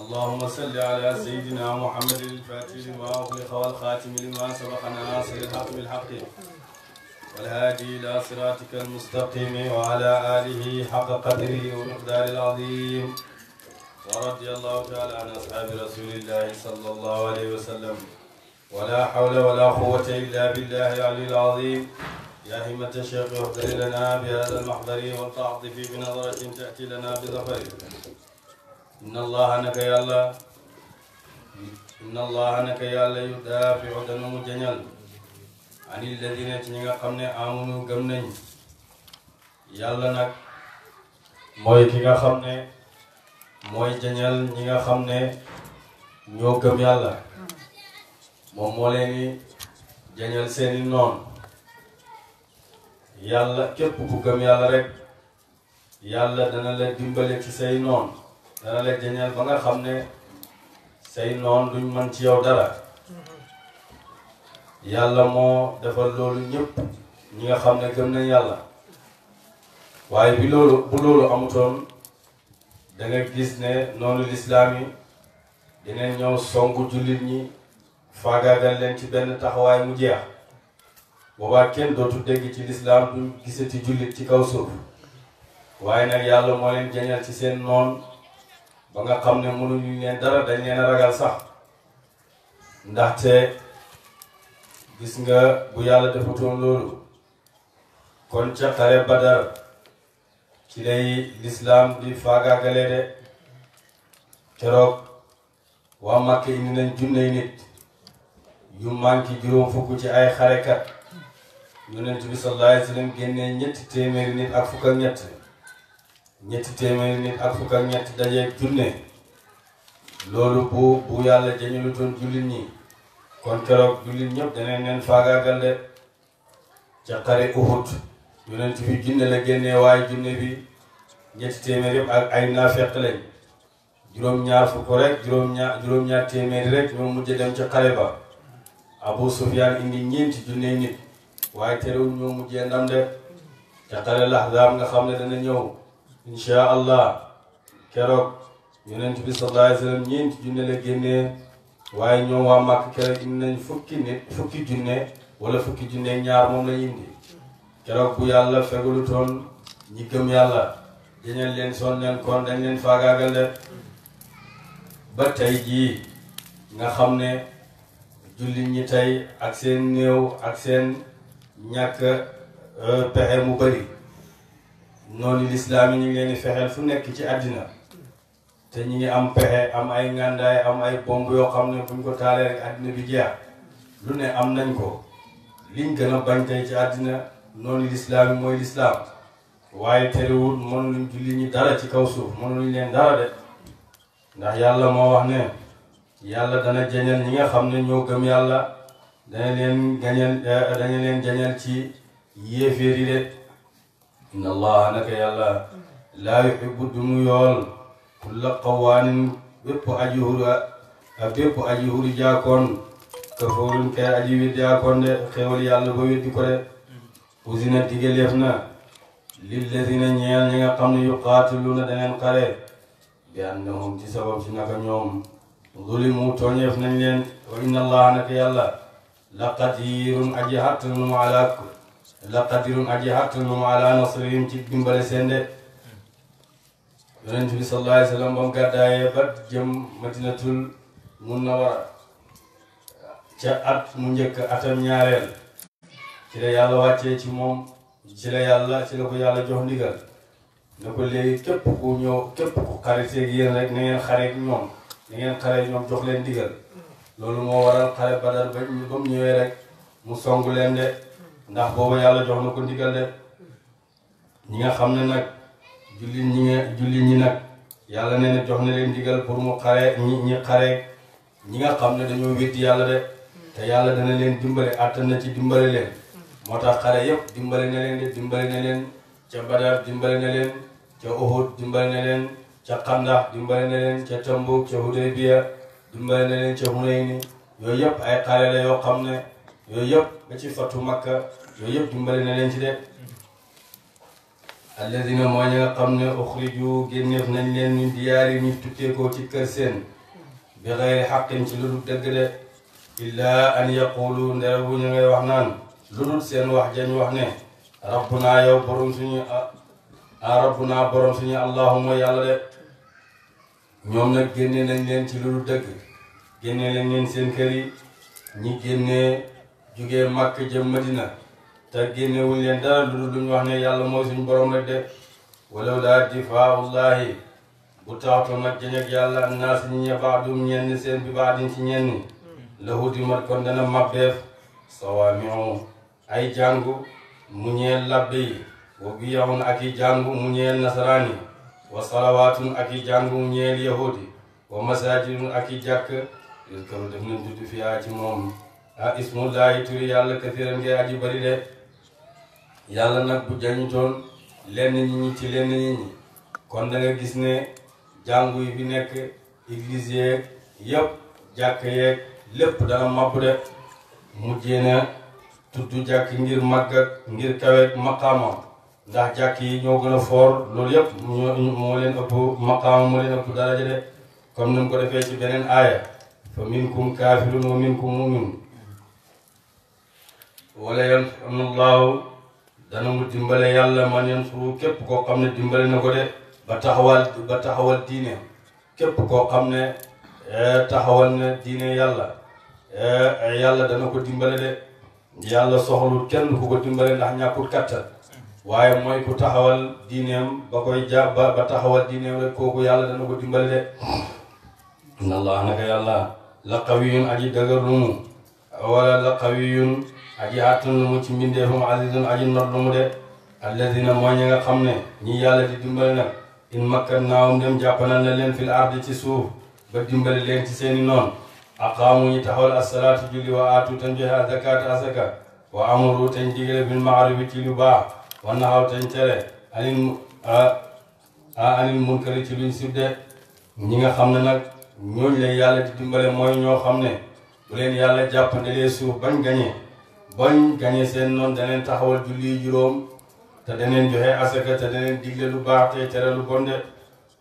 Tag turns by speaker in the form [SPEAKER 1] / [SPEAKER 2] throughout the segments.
[SPEAKER 1] اللهم صل على سيدنا محمد الفاتح لما أغلق والخاتم لما سبق ناصر الحق بالحق والهادي إلى صراطك المستقيم وعلى آله حق قدره ومقدار العظيم ورضي الله تعالى عن أصحاب رسول الله صلى الله عليه وسلم ولا حول ولا قوة إلا بالله العلي العظيم يا همة الشيخ احضر لنا بهذا المحضر والتعطف بنظرة تأتي لنا بظفر inna allaha naka yàlla inna allaha naka yàlla yu daafiu dana mu jañal ani ladina ci ñi nga xam ne amunu gëm nañ yàlla nag mooy ki nga xam ne mooy jañal ñi nga xam ne ñoo gëm yàlla moom moo leen ni jañal seeni noon yàlla képp ku gëm yàlla rek yàlla dana la dimbale say noon dana la jañal ba nga xam ne say noon duñ mën ci yow dara yàlla moo defal loolu ñëpp ñi nga xam ne gëm nañ yàlla waaye bi loolu bu loolu amutoon da gis ne noonu lislaam yi dina ñëw songu jullit ñi faagaagal leen ci benn taxawaay mu jeex boobaa kenn dootu dégg ci lislaam duñ gisati jullit ci kaw suuf waaye nag yàlla moo leen jañal ci seen noon ba nga xam ne mënuñu leen dara dañ leen ragal sax ndaxte gis nga bu yàlla defatoon loolu kon ca xare badar ci lay lislaam di faagaagale de keroog waa màkk indi nañ junney nit yu manki juróom fukk ci ay xarekat yonent bi sallallahu alayhi wa génnee ñetti téeméeri nit ak fukk ak ñett ñetti téeméeri nit ak fukk ak ñett junne loolu bu bu yàlla jañulu toon jullit ñi kon keroog jullit ñëpp danañ leen faagaagal de ca xare Uhud yonent bi junne la génnee waaye junne bi ñetti téeméer yëpp ak ay naafeq lañ juróom-ñaar fukk rek juróom-ñaar téeméeri rek ñoo mujj dem ca xare ba Abu Sufyaan indi ñeenti junne nit waaye terewul ñoo mujjee ndam de ca nga xam ne dana ñëw incha allah keroog yonent bi sallallahu alayhi wa sallam ñeenti junne la génnee waaye ñoom waa màkk keroog indi nañ fukki nit fukki junne wala fukki junne ñaar moom la indi keroog bu yàlla lu toon ñi gëm yàlla dañeen leen son leen kon dañ leen faagaagal de ba tey jii nga xam ne jullit ñi tey ak seen néew ak seen ñàkk euh, pexe mu bëri noonu lislaam yi ñu ngi fexeel fu nekk ci àddina te ñu ngi am pexe am ay ngàndaay am ay bomb yoo xam ne buñ ko taalee rek àddina bi jeex lu ne am nañ ko liñ gën a bañ tey ci àddina noonu lislaam yi mooy lislaam waaye terewul mënuñ julli ñi dara ci kaw suuf mënuñ leen dara de ndax yàlla moo wax ne yàlla dana jañal ñi nga xam ne ñoo gëm yàlla dana leen gañal eh, ci yéeféer de inna allaha naka yàlla laa yuhibbu dumu yool kulla qawaanin bépp aji huri ak bépp aji huri jaakoon kafoorin kay aji weddi jaakoon de xéewal yàlla ba ko de usina digaleef na lillazina ñeel ñi nga xam ne yuqaatiluna daneen xare bi annahum ci sabab ci naka ñoom zulimu tooñeef nañ leen wa inna allaha naka yàlla laqadiirun aji xattanum alaak la qadirun aji àttanu ala nasrihim ci dimbale seen de yonent bi sallallahu alayhi gàddaayee ba jëm madinatul munawwara ca at mu njëkk atam ñaareel ci la yàlla wàccee ci moom ci la yàlla ci la ko yàlla jox ndigal ne ko léegi képp ku ñëw képp ku xariteeg yéen rek na ngeen xareeg ñoom na ngeen xareeg ñoom jox leen ndigal loolu moo waral xare badar ba mu ñëwee rek mu song leen de ndax boobu yàlla jox na ko ndigal de ñi nga xam ne nag jullit ñi nga jullit ñi nag yàlla nee na jox na leen ndigal pour mu xare ñi ñi xaree ñi nga xam ne dañoo di yàlla de te yàlla dana leen dimbale àttan na ci dimbale leen moo tax xare yëpp dimbale na leen de dimbale na leen ca Badar dimbale na leen ca Uhud dimbale na leen ca Xandax dimbale na leen ca Tambuk ca Hudaybiya dimbale na leen ca Hunayni yooyu yëpp ay xare la yoo xam ne yooyu yëpp nga ci fattu makka yooyu yëpp dimbali na leen ci de alladina mooy ñi nga xam ne uxriju génneef nañ leen ñu diyaari ñu tukkeekoo ci kër seen bi xayri xaqin ci lu dul dëgg de illaa an yaqulu ndere bu ñu ngay wax naan lu dul seen wax jañ wax ne naa yow borom suñu a ah, rabbunaa borom suñu allahuma yàlla de ñoom nag génne nañ leen ci lu dul dëgg génne nañ leen seen kër yi ñi génnee jugee màkk jëm madina te génnewuñ leen dara lu dul wax ne yàlla mooy suñu borom rek de walaw laa difaaullahi bu taxatoon nag jëñ ak yàlla naa si ñe baadum ñenn seen bi baadin ci ñenn lahuti mat kon dana mabbeef sawaamiu ay jàngu mu ñeel labbe yi wa biyahun ak i jàngu mu ñeel nasaraani wa salawaatun ak i jàngu mu ñeel yahudi wa masaajidun ak i jàkk yëskaru def nañ tudd fiyaa ci moom ah ismullahi turi yàlla kathiran ngay aji bari de yàlla nag bu jañutoon lenn nit ñi ci lenn nit ñi kon da gis ne jàngu yi fi nekk église yeeg yëpp jàkk yeeg lépp dana mabb de mujjee na tudd jàkk ngir màgg ngir kaweeg maqaamam ndax jàkk yi ñoo gën a foor loolu yëpp moo leen ëpp maqaama moo leen ëpp daraja de comme ni ko defee ci beneen aaya fa minkum kaafirun wa minkum mu'min wala yansuranna allahu dana mu dimbale yàlla man yansuru képp koo xam ne dimbale na ko de ba taxawal ba taxawal diine képp koo xam ne eh, taxawal na diine yàlla eh, yàlla dana ko dimbale de yàlla soxlul kenn ku ko dimbale ndax ñàkkul kattan waaye mooy ku taxawal diineem ba koy jàpp ba taxawal diineem kooku yàlla dana ko dimbale de inna allah naka yàlla la qawiyun aji dëgër lu mu wala la qawiyun aji àttanu mu ci mbindeefam azizun aji not lu mu de alladina mooy ñi nga xam ne ñi yàlla di dimbale nag in makkan naawum dem jàppanal na leen fil ardi ci suuf ba dimbale leen ci seeni noon aqaamu ñi taxawal asalaatu julli wa aatu tan joxe azakaatu asaka wa amuru tañ digale bil maarufi ci lu baax wa naxaw tañ cere anil anil munkari ci luñ sibde ñi nga xam ne nag ñooñ leen yàlla di dimbale mooy ñoo xam ne bu leen yàlla jàppandalee suuf bañ gañee bañ gañe seen noonu daneen taxawal julli juróom te daneen joxe asaka te daneen digle lu baax te tere lu bonde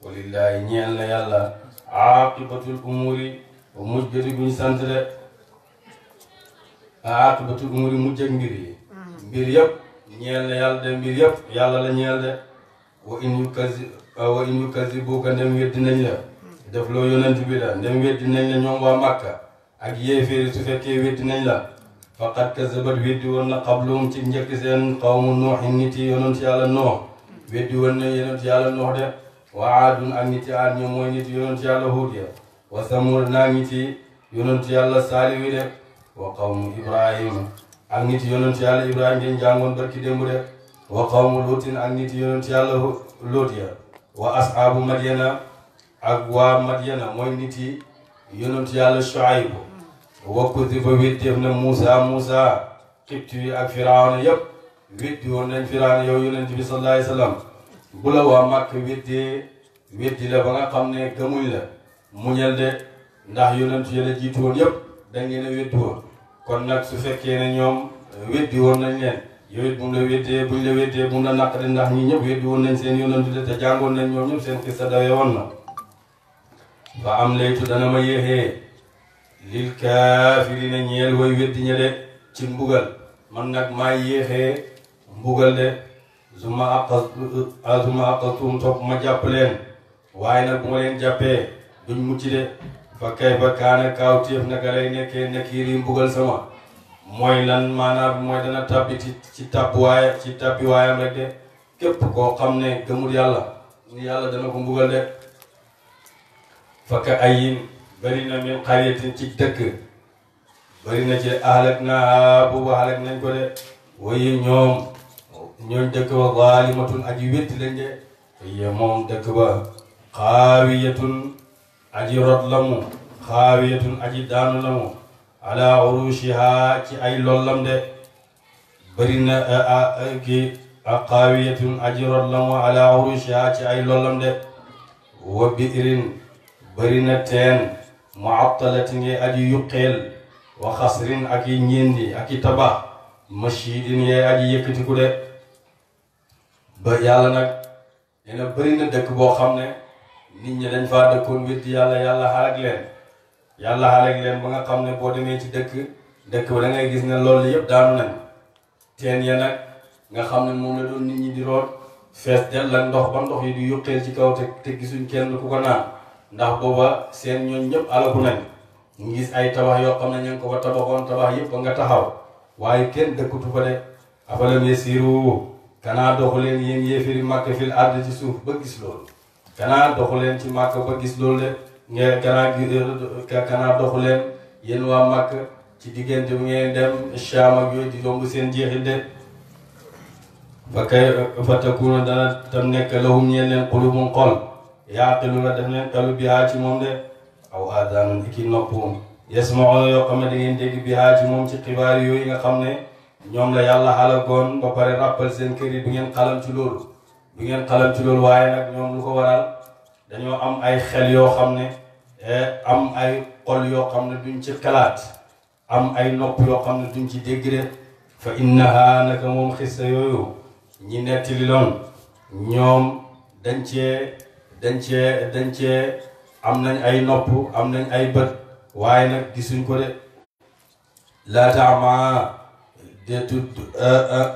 [SPEAKER 1] walillahi ñeel na yàlla aqibatul umuri ba mujj di buñ sant de aqibatul umuri mujj ak mbir yi mbir yëpp ñeel na yàlla de mbir yëpp yàlla la ñeel de wa in kasi wa in kasi buuka ndem weddi la def loo yonent bi la ndem weddi la ñoom waa Makka ak yéeféeri su fekkee weddi la faqad kazabat weddi woon na xabluhum ci njëkk seen xawmu nooxi nit yi yonent yàlla noox weddi woon na de wa aadun ak nit yi aad ñoom mooy nit yi yonent yàlla huud ya wa samud naa nit yi yonent yàlla de wa xawmu ibrahima ak nit yi yonent yàlla ibrahima jàngoon barki démb de wa xawmu luutin ak nit yi yonent yàlla wa ashaabu madyana ak waa madyana mooy nit yi yonent wakkuti fa wétteef na Moussa musa xibtu yi ak Firawna yépp wétti woon nañ Firawna yow yonent bi sallallahu alayhi wasallam bu la waa màkk wéttee wétti la ba nga xam ne gëmuñ la muñal de ndax yonent yi la jiitu woon yépp da ngeen a wétti kon nag su fekkee ne ñoom eh, wétti woon nañ leen yow it bu la wéttee buñ la wéttee bu la naqari ndax ñi ñëpp wétti woon nañ seen yonent de te jàngoon nañ ñoom ñëpp seen xista dawe woon na fa am lil na ñeel way weddi ña de ci mbugal man nag maa yéexee mbugal de su ma àqas ah, su ma topp ma jàpp leen waaye nag bu ma leen jàppee duñ mucc de fa kay fa kaana kaawteef naka lay nekkee nakiir yi sama mooy lan maanaam mooy dana tàbbi ci tàbbi waaye ci tàbbi waayam rek de képp koo xam ne gëmul yàlla ni yàlla dana ko mbugal de fa ka ayin bari na min xariyatin ci dëkk bari na ci ahlak naa boobu ahlak nañ ko de waaye ñoom ñoom dëkk ba zaalimatun aji wétti lañ de waaye moom dëkk ba xaawiyatun aji rot la mu xaawiyatun aji daanu la mu ala urushiha ci ay lollam de bari na ki xaawiyatun aji rot la mu ala urushiha ci ay lollam de wa biirin bari na teen muattalatin yee aji yuqeel wa xasrin ak i ñendi ak i tabax mashidin yee aji yëkkatiku de ba yàlla nag dina bëri na dëkk boo xam ne nit ñi dañ faa dëkkoon weddi yàlla yàlla xalag leen yàlla xalag leen ba nga xam ne boo demee ci dëkk dëkk ba da ngay gis ne lool yëpp daanu nañ teen ya nag nga xam ne moom la doon nit ñi di root fees del la ndox ba ndox yi di yuqeel ci kaw te te gisuñ kenn ku ko naan ndax booba seen ñooñ ñëpp alagu nañ ñu gis ay tabax yoo xam ne ñu ko fa tabaxoon tabax yëpp nga taxaw waaye kenn dëkkutu fa de afalam yasiiru kanaa doxu leen yéen suuf ba gis loolu kanaa doxu leen ci màkk ba gis loolu de nga eh, leen yéen waa màkk ci diggante bi ngeen dem Shaam yooyu di seen jeexit de fa kay fa takuna dana tam nekk lahum ñeen leen qulubun xol yaaqilu na def leen talu bihaa ci moom de aw aadaanun iki nopp yasmauna yoo xam ne da ngeen dégg bihaa ci moom ci xibaar yooyu nga xam ne ñoom la yàlla xalagoon ba pare rappal seen kër yi du ngeen xalam ci loolu du ngeen xalam ci loolu waaye nag ñoom lu ko waral dañoo am ay xel yoo xam ne eh, am ay xol yoo xam ne duñ ci xalaat am ay nopp yoo xam ne duñ ci dégg de fa innaha naka moom xissa yooyu ñi nettali loon ñoom dañ cee dañ cee am nañ ay nopp am nañ ay bët waaye nag gisuñ ko de laa taama deetu euh, euh,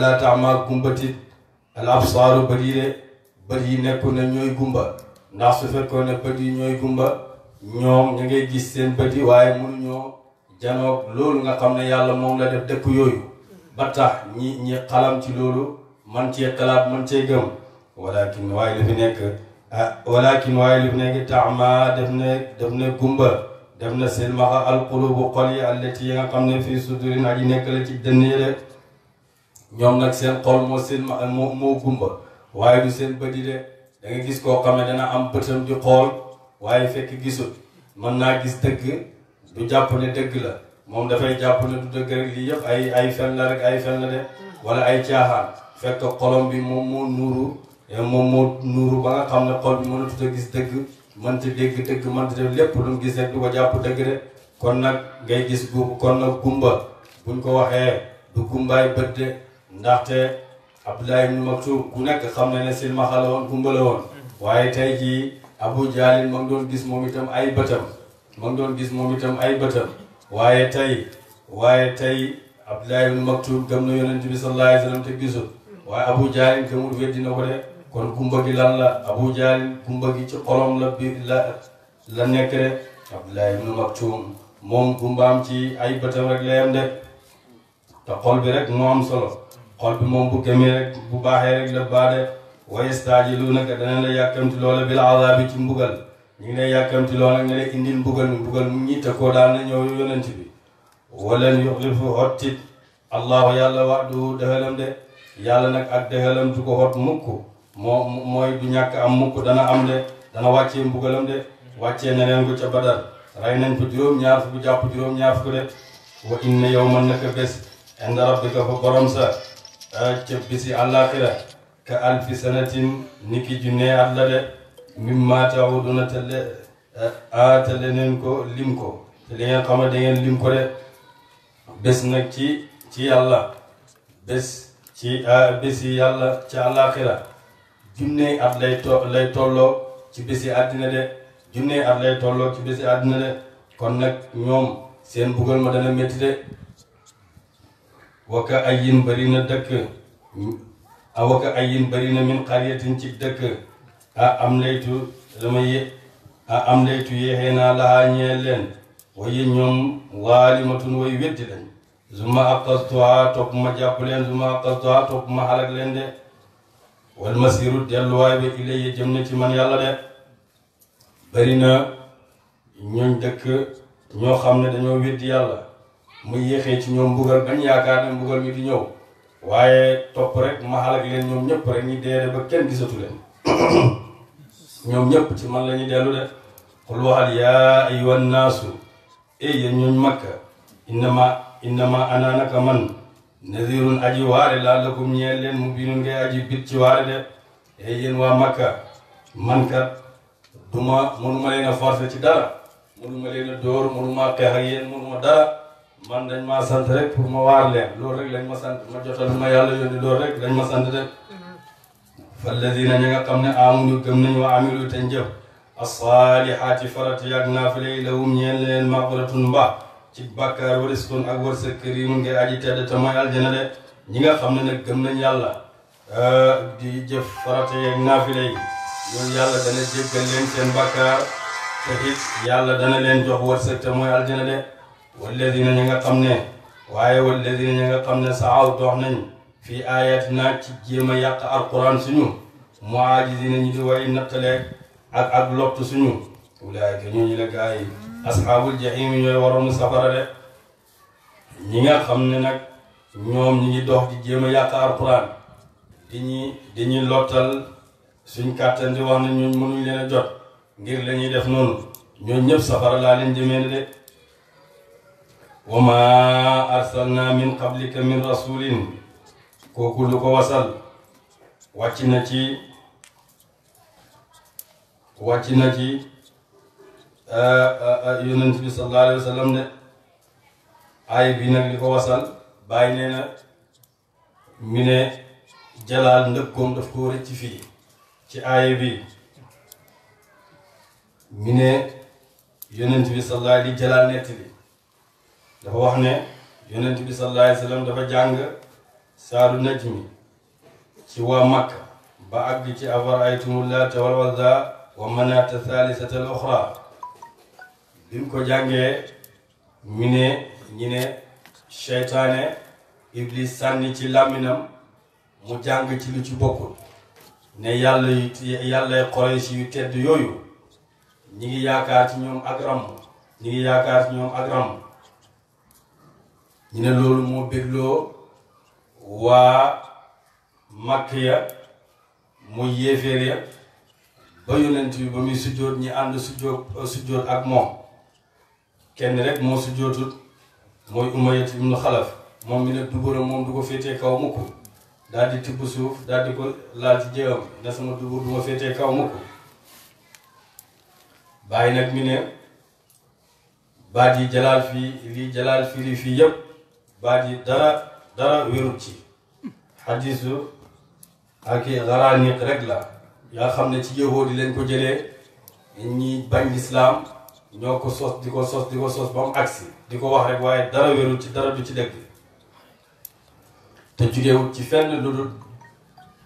[SPEAKER 1] laa taama gumbatit al absaaru bët yi de bët yi nekku na ñooy gumba ndax su fekkoon bët yi ñooy gumba ñoom nga ngay gis seen bët yi waaye mënuñoo janoog loolu nga xam ne yàlla moom la def dëkk yooyu ba tax ñi ñi xalam ci loolu man cee xalaat man cee gëm walakin waaye li fi nekk ah walakin taama def na def ne gumba def na silmaxa alqulubu xol yi allati yi nga xam ne fii sudurin aji nekk la ci dënn yi de ñoom nag seen xol moo silmaxa moo moo gumba waaye du seen bëdi de da gis koo xam ne dana am bëtam di xool waaye fekk gisul mën naa gis dëgg du jàpp ne dëgg la moom dafay jàpp ne du dëgg rek lii yëpp ay ay la rek ay fen la de mm. wala ay caaxaan fekk xolom bi moom moo nuuru moom moo nuuru ba nga xam ne xol bi mënatut a gis dëgg mënta dégg dëgg mënta def lépp du mu gis rek du ko jàpp dëgg de kon nag ngay gis guub kon nag gumba buñ ko waxee du gumbaay bët de ndaxte Abdullahi ibnu Maktum ku nekk xam na ne silmaxa la woon woon waaye tey jii Abu Jaalin ma ngi doon gis moom itam ay bëtam ma ngi doon gis moom itam ay bëtam waaye tey waaye tey Abdullahi ibnu Maktum gëm na yonent bi sallallahu alayhi wa sallam te gisul waaye Abu Jaalin gëmul weddi kon kumba gi lan la Abu Jahl kumba gi ci xolom la bi la la nekk de Abdullah ibnu Maktum moom kumbaam ci ay bëtam rek la yem de te xol bi rek moo am solo xol bi moom bu gëmee rek bu baaxee rek la baade wa yastaajiluunaka dana la yàkkamti loola bil azaabi ci mbugal ñu ngi lay yàkkamti loola nga lay indi mbugal mi mbugal mu ñitte koo daan na ñëw yonent bi walan yuxlifu hottit allahu yàlla wa'duhu dëxalam de yàlla nag ak dëxalam du ko hot mukk moo mooy du ñàkk am mukk dana am de dana wàccee mbugalam de wàccee na ko ca badar rey nañ ko juróom-ñaar fukk jàpp juróom-ñaar fukk de wa inna yawman naka bés inda rabbika fa borom ca bisi àllaaxira ka alfi sanatin niki junne at la de mimma ta'uduna telle aatale neen ko lim ko te li ngeen lim ko de bés nag ci ci yàlla bés ci bés yi ci àllaaxira junney at lay to lay tolloo ci bési àddina de junney at lay tolloo ci bési àddina de kon nag ñoom seen buggal ma dana métti de waka ay yin bëri a waka ay yin bëri na min xaryatin ci dëkk a am laytu dama ye a am laytu yeexee naa lahaa ñeel leen waye ñoom waalimatun way weddi lañ zuma aqastuha topp ma jàpp leen zuma aqastuha topp ma xalag leen de wal masiru delluwaay ba ilayya jëm na ci man yàlla de bari na ñooñ dëkk ñoo xam ne dañoo weddi yàlla mu yéexee ci ñoom mbugal bañ yaakaar ne mbugal mi di ñëw waaye topp rek ma xalak leen ñoom ñëpp rek ñi deere ba kenn gisatu leen ñoom ñëpp ci man la ñu dellu de xul waxal yaa ayyuhan naasu ey yéen ñooñ makka innama innama ana man nazirun aji waare laa lakum ñeel leen mu binun ngay aji bit waare de ey yéen waa makka man kat duma mënuma leen a forcé ci dara mënuma leen a dóor mënuma xeex ak yéen mënuma man dañ maa sant rek pour ma waar leen loolu rek lañ ma sant ma jotal ma yàlla yónni loolu rek lañ ma sant de falladina ñi nga xam ne amuñu gëm nañu wa amilu te njëf asalihaati farati yaag naafile yi lawum ñeen leen maxfiratun mbaa ci bàkkaar wëris kon ak wërsëg karimun ngay aji tedd te mooy aljana de ñi nga xam ne nag gëm nañ yàlla euh, di jëf farata yeeg naafile yi loolu yàlla dana jéggal leen seen bàkkaar te it yàlla dana leen jox wërsëg te mooy aljana de walladina ñi nga xam ne waaye walladina ñi nga xam ne saaw dox nañ fii ayat naa ci jéem a yàq alquran suñu mu aajisina ñi di way nattaleeg ak ak lottu suñu wulaay ka ñooñu la gaa yi asxaabul jaxiim ñooy waroon safara de ñi nga xam ne nag ñoom ñi ngi dox di jéem a di ñi lottal suñ kàttan di wax ne ñooñ mënuñ leen a jot ngir la ñuy def noonu ñooñ ñëpp safara laa leen jëmee de wa maa arsalna min qablika min rasulin kooku lu ko wasal wàcc na ci wàcc na ci yonent bi sallallahu alayhi wa ne aay bi nag li ko wasal bàyyi nee na mi ne jalaal ndëkkoom daf ko rëcc fii ci aay bi mi ne yonent bi sallallahu di jalaal nett bi dafa wax ne yonent bi sallallahu alayhi wa sallam dafa jàng saaru najmi ci waa Makka ba àgg ci afara'aytumu llaata wal uzza wa manaata thaalisata al-uxraa duñ ko jàngee ñu ne ñu ne seytaane iblis sànni ci làmminam mu jàng ci lu ci bokkul ne yàlla yu yàllay Quraysh yu tedd yooyu ñi ngi yaakaar ci ñoom ak ràmm ñi ngi yaakaar ci ñoom ne loolu moo bégloo waa màkk ya muy yéeféer ya ba yonent bi ba muy sujjóot ñi ànd sujjóot sujjóot ak moom kenn rek moo su jootut mooy umayat ibnu xalaf moom mi nag duguram moom du ko féetee kaw mukk daal di tibb suuf daal ko laal ci jéewam ne sama dugub du ma féetee kaw mukk bàyyi nag mi ne baat yi jalaal fii lii jalaal lii fii yépp baat yi dara dara wérut ci xadiisu ak xaraaniq rek la yaa xam ne ci yahudi lañ ko jëlee ñi bañ lislaam ñoo ko sos di ko sos di ko sos ba mu agsi di ko wax rek waaye dara wérul ci dara du ci dëgg te jugewul ci fenn lu dul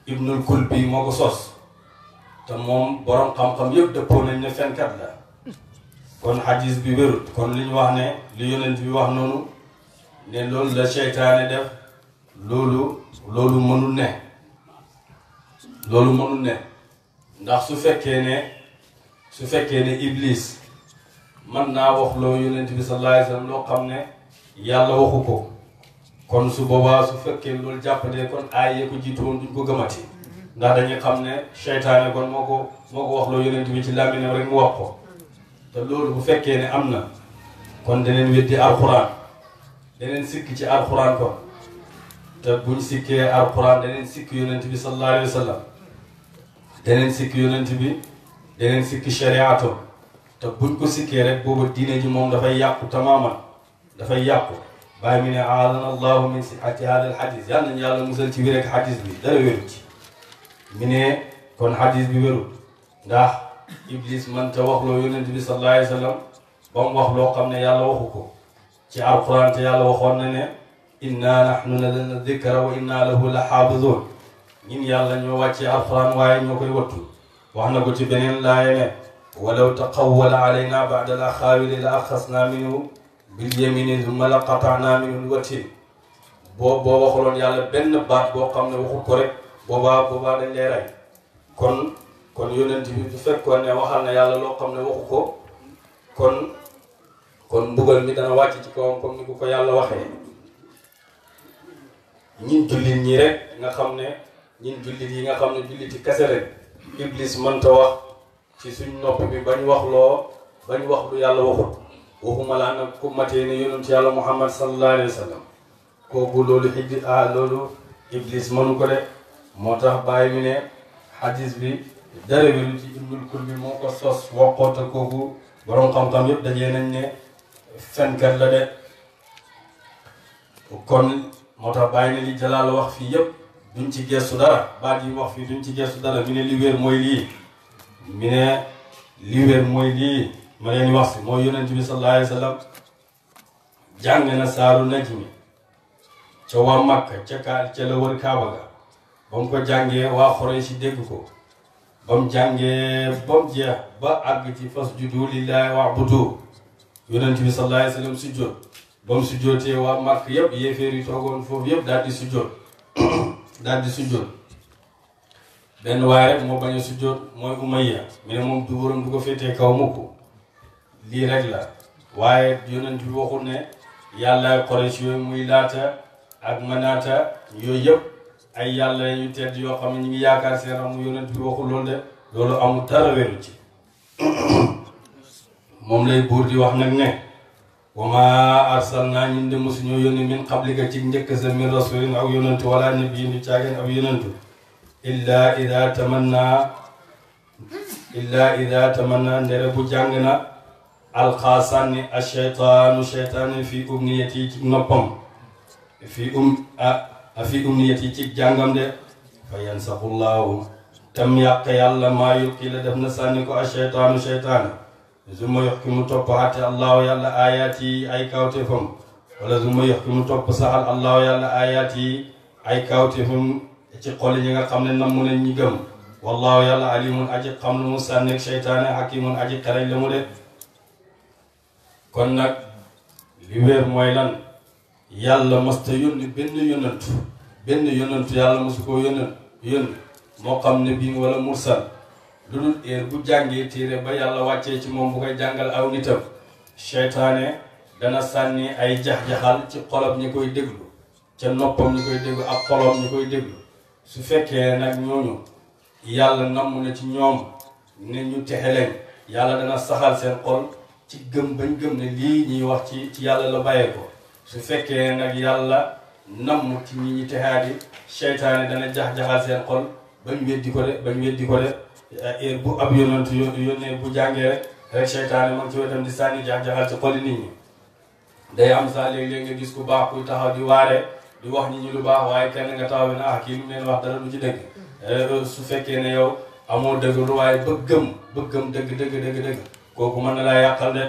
[SPEAKER 1] ibnul kul bi moo ko sos te moom borom xam-xam yëpp dëppoo nañ ne fenkat la kon hadis bi wérul kon li ñu wax ne li yonent bi wax noonu ne loolu la seytaane def loolu loolu mënul ne loolu mënul ne ndax su fekkee ne su fekkee ne iblis man naa wax loo yonent bi sallallahu alayhi loo xam ne yàlla waxu ko kon su boobaa su fekkee loolu jàppandee kon aay yee ko jiitu woon duñ ko gëmati ndax dañuy xam ne seytaane kon moo ko moo ko wax loo yonent bi ci làmmiñam rek mu wax ko te loolu bu fekkee ne am na kon daneen weddi alxuraan deneen sikk ci alxuraan kon te buñ sikkee alxuraan daneen sikk yonent bi sallallahu alayhi wasallam daneen sikk yonent bi daneen sikk shariato te buñ ko sikkee rek booba diine ji moom dafay yàqu tamaaman dafay yàqu bàyyi mi ne aadana allahu min sihati hada al hadis yal nañu yàlla musal ci wér ak hadis bi dara wéru ci mi ne kon hadis bi wérul ndax iblis man ta wax loo yonent bi sallallahu alayhi wa sallam ba mu wax loo xam ne yàlla waxu ko ci alquran te yàlla waxoon na ne inna nahnu nazzalna dikra wa inna lahu la xaafizun ñun yàlla ñoo wàccee alquran waaye ñoo koy wattu wax na ko ci beneen laaya walaw taqawwala alayna ba'da al-aqaawili la axasnaa minhu bil yamini thumma la qata'naa minhu al-watiin boo boo waxuloon yàlla benn baat boo xam ne waxu ko rek boobaa boobaa dañ lay rey kon kon yonent bi ne waxal na xam ne waxu ko kon kon mbugal mi wàcc ci kawam ko ni ku ko yàlla waxee ñin jullit ñi rek nga xam ne ñin jullit yi nga xam ne julliti kese rek iblis mënta wax ci suñ nopp bi bañ wax loo bañ wax lu yàlla waxut waxuma laa nag ku matee ne yonent yàlla muhammad sallallahu alayhi kooku loolu xijji ah loolu iblis mënu ko de moo tax bàyyi mi ne xadis bi dara wiru ci ibnul kulbi moo ko sos woqoota kooku borom xam-xam yëpp dajee nañ ne fenkat la de kon moo tax bàyyi ne li jalaal wax fii yëpp duñ ci gestu dara baa yi wax fii duñ ci gestu dara mi ne li mooy lii mi ne li wér mooy lii ma leen wax mooy yonent bi sallallahu wa sallam jàng na saaru najmi ca waa Makka ca kaa ca la Kaaba ga ba ko jàngee waa Xuraysh si dégg ko ba mu jàngee ba mu jeex ba àgg ci fasjudu lillahi bi sallallahu wa sallam si jot ba waa Makka yëpp yéeféer yi toogoon foofu yëpp daal di si jot benn waaye rek moo bañ a sujjóot mooy umayya mi ne moom du waroon ko féetee kaw mukk lii rek la waaye yonent bi waxul ne yàlla Quraysh yooyu ak manaata yooyu yëpp ay yàlla yu tedd yoo xam ne ñu ngi yaakaar seen ramu yonent bi waxul loolu de loolu amul dara wéru ci moom lay buur di wax nag ne wa maa arsalnaa ñun de mosuñoo yónni min qablika ci njëkk sa min rasulin aw yonentu wala nabiyin di caageen aw yonentu illa ida tamanna illa ida tamanna ndere bu jàng na alxaasanni asheytaanu sheytaani fi umniyati ci noppam fi um a fi umniyati ci jàngam de fa yansaxullahu tam yàq yàlla maa yulqi la def na sànni ko asheytaanu sheytaani zuma yox ki mu topp xatte allahu yàlla ayaat yi ay kawte fam wala zuma yox ki mu topp saxal allahu yàlla ayaat yi ay kawte fam ci xol yi nga xam ne nam mu ne ñi gëm wallahu yàlla alimun aji xam lu mu sànneeg seytaane hakimun aji xereñ la mu de kon nag li wéer mooy lan yàlla masta yónni benn yónnantu benn yónnantu yàlla masu koo yónnan yónni moo xam ne bii wala mursal lu dul eer bu jàngee téere ba yàlla wàccee ci moom bu koy jàngal aw nitam seytaane dana sànni ay jax-jaxal ci xolom ñi koy déglu ca noppam ñi koy déglu ak xolom ñi koy déglu su fekkee nag ñooñu yàlla namm na ci ñoom ne ñu texe leen yàlla dana saxal seen xol ci gëm bañ gëm ne lii ñuy wax ci ci yàlla la bàyyee ko su fekkee nag yàlla namm ci ñi ñi texaadi seytaane dana jax-jaxal seen xol bañ weddi ko de bañ weddi ko de eh, eh, bu ab yonent yónnee bu jàngee rek rek seytaane ma ci wetam di sànni jax-jaxal ci xoli nit ñi day am saa léeg-léeg nga gis ku baax kuy taxaw di waare di wax nit ñi lu baax waaye kenn nga taxaw ne ah kii lu leen wax dara du ci dëgg euh, euh, su fekkee ne yow amoo dëgg waaye bëggam bëggam dëgg dëgg dëgg dëgg kooku mën na laa yàqal de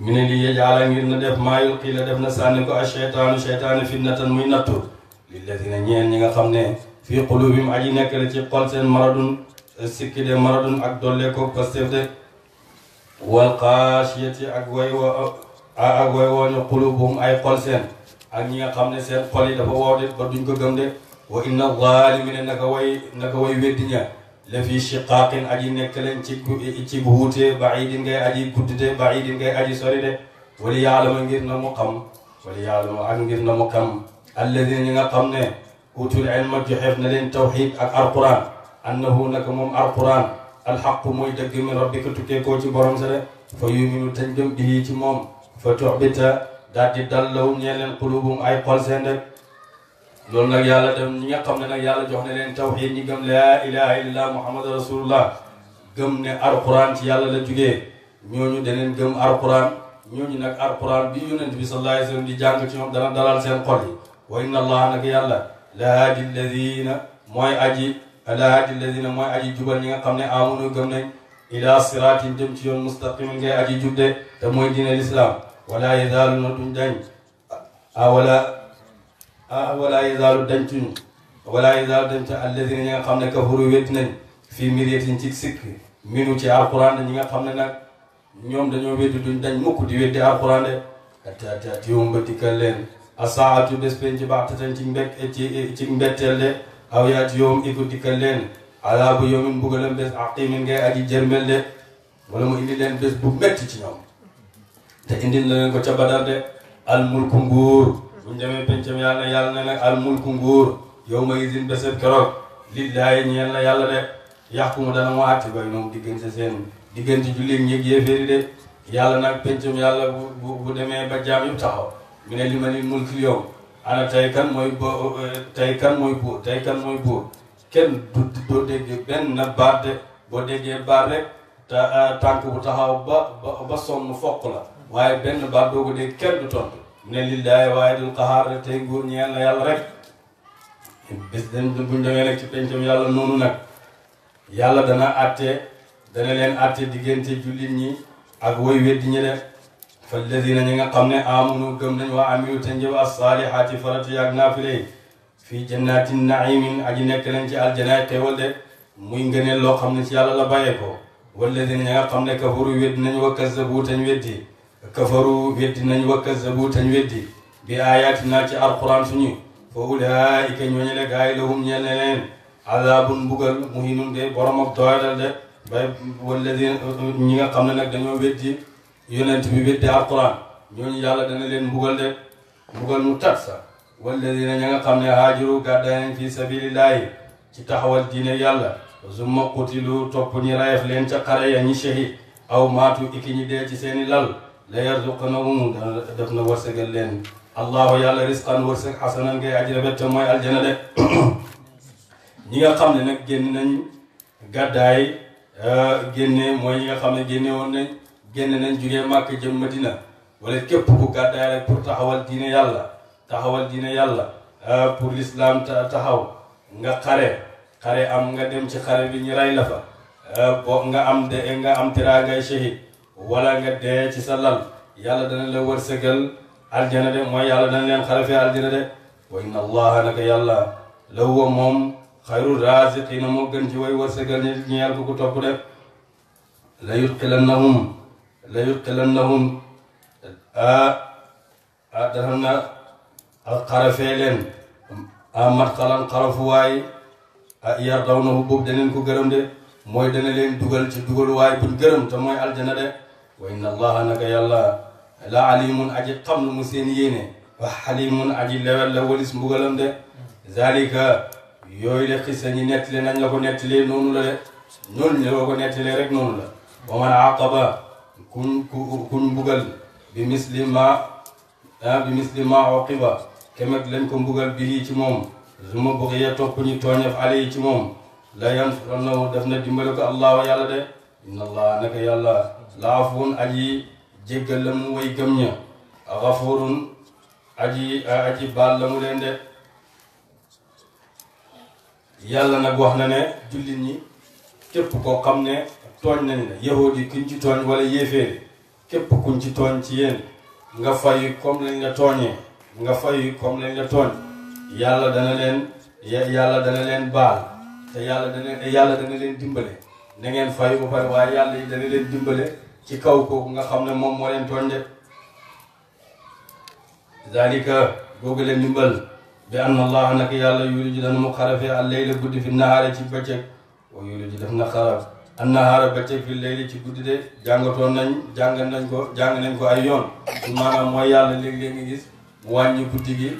[SPEAKER 1] mu ne lii yejaala ngir na def maa yulqi la def na sànni ko a cheytaanu fi fitnatan muy nattu lilladina ñeen ñi nga xam ne fii qulubim aji nekk la ci xol seen maradun sikki de maradun ak dolle ko pastef de wal xaasiyati ak way woo ak way woo ñu qulubuhum ay xol ak ñi nga xam ne seen xol yi dafa wow de ba duñ ko gëm de wa inna zaalimina naka way naka way weddi ña la fi shiqaaqin aji nekk leen ci ci bu wuutee baidin ngay aji guddite baidin ngay aji sori de wali yaalama ngir na mu xam wali yaalama ak ngir na mu xam alladina ñi nga xam ne utul ilma joxeef na leen tawxid ak alquran annahu naka moom alquran alxaqu mooy dëgg min rabbika tukkee koo ci borom sa de fa yuminu tañ gëm bihi ci moom fa tuxbita daal di dal lawum ay xol seen rek loolu nag yàlla dem ñi nga xam ne nag yàlla jox ne leen tawxiid ñi gëm laa ilaha illallah muhammad rasulullah gëm ne alquran ci yàlla la jugee ñooñu daneen gëm alquran ñooñu nag alquran bi yonent bi sallallahu alayhi wa sallam di jàng ci ñoom dana dalal seen xol yi wa inna allah nag yàlla la haadi alladina mooy aji la haadi alladina mooy aji jubal ñi nga xam ne amunu gëm nañ ila siratin jëm ci yoon mustaqim ngay te mooy wala yazaalu na duñ dañ ah wala ah wala yazaalu dañtuñu wala yazaalu dañtu alladina ñi nga xam ne kafaru wét nañ fii miryatin ci sikk minu ci alquran ñi nga xam ne nag ñoom dañoo weddi duñ dañ mukk di weddi alquran de hatta taatiyahum ba dikkal leen asaatu bés penc baxtatan ci mbek ci ci mbetteel de aw yaatiyahum iku dikkal leen alaa bu yawmin mbugalam bés aqimin ngay aji jërmel de wala mu indi leen bés bu metti ci ñoom te indi na ko ca badar de al mulku nguur bu ñu demee pencam yàlla yàlla ne nag al mulku nguur yow ma izin beset keroog lillaahi ñeel na yàlla de yaxkumu dana mu ati bay moom diggante seen diggante jullit ñeeg yéeféeri de yàlla nag pencam yàlla bu demee ba jaam yëpp taxaw mu ne li ni mulki yow ana tey kan mooy bo tey kan mooy buur tey mooy buur kenn du doo dégg benn baat de boo déggee baat rek te tànk bu taxaw ba ba sonn foq la waaye benn baat doo ko dégg kenn du tontu ne lillaay waaye dul xaxaar tey nguur ñeel na yàlla rek bés dañ buñ demee nag ci pencam yàlla noonu nag yàlla dana àtte dana leen àtte diggante jullit ñi ak woy weddi ñi def fa ladina ñi nga xam ne amunu gëm nañ waa amilu te njëw as-saalihaati farati yaag naafile yi fii jannaati naimin aji nekk nañ ci aljanaay xéewal de muy ngëneel loo xam ne ci yàlla la bàyyee ko walladina ñi nga xam ne kafaru weddi nañ wa kazzabu kafaru weddi nañu wa kazzabu tañ weddi bi ayatina ci alquran suñu fa ulaika ñooñu le gaay lahum ñeel ne leen azabun mbugal muhinun de borom ak doyadal de bay walladina ñi nga xam ne nag dañoo weddi yonent bi weddi alquran ñooñu yàlla dana leen mbugal de mbugal mu tat sa walladina ña nga xam ne haajaru gàddaay nañ fi sabilillahi ci taxawal diine yàlla summa qutilu topp ñi rayef leen ca xare ya ñi shahid aw maatu iki ñi dee ci seeni lal la yarzuqanahum dana def na wërsëgal leen allahu yàlla risqan wërsëg xasanan ngay aji rafet te mooy aljana de ñi nga xam ne nag génn nañ gàddaay euh, génne mooy ñi nga xam ne génne woon nañ génn nañ jugee màkk jëm madina wala képp ku gàddaay rek pour taxawal diine yàlla taxawal diine yàlla euh, pour l'islam taxaw nga xare xare am nga dem ci xare bi ñu rey la fa euh, boo nga am de nga am tiraangay shahid wala nga dee ci sa lal yàlla dana la wërsëgal aljana de mooy yàlla dana leen xarafee aljana de wa inna allaha naka yàlla la huwa moom xayru raziqina moo gën ci way wërsëgal ñi ñeel ko ku topp de la yutqilannahum la yutqilannahum a a dafa na xarafee leen a mat xalan xarafuwaay a yar daw na bu boobu daneen ko gërëm de mooy dana leen dugal ci dugaluwaay buñ gërëm te mooy aljana de wa inna allaha naka yàlla la alimun aji xam lu mu seen yéene wa xalimun aji lewel la walis mbugalam de zalika yooyu de xisa ñi nettali nañ la ko nettalee noonu la de noonu la ko nettalee rek noonu la wa man aqaba kuñ kuñ bi misli ma ah, bi misli ma oqiba kemek lañ ko mbugal bi ci moom zuma buxiya topp ñu la yan na daf na dimbale ko allah wa yàlla de inna allah naka laafun yi jéggal la mu way gëm ña xafurun aji aji baal la mu leen de yàlla nag wax na ne jullit ñi képp koo xam ne tooñ ne la di kuñ ci tooñ wala yéeféeri képp kuñ ci tooñ ci yéen nga fayu comme lañ la tooñee nga fayu comme lañ la tooñ yàlla dana leen yàlla dana leen baal te yàlla dana yàlla dana leen dimbale na ngeen fayu ba pare waaye yàlla yi dana leen dimbale ci kaw kooku nga xam ne moom moo leen tooñ de zalika googu leen ndimbal bi anna allaha nak yàlla yulu ji dana mu xarafe al leyla guddi fi nahaara ci bëccëg wa yulu ji def na xaraf an nahaara bëccëg fi leyli ci guddi de jàngatoon nañ jàng nañ ko jàng nañ ko ay yoon su maanaam mooy yàlla léegi léeg nga gis mu wàññi guddi gi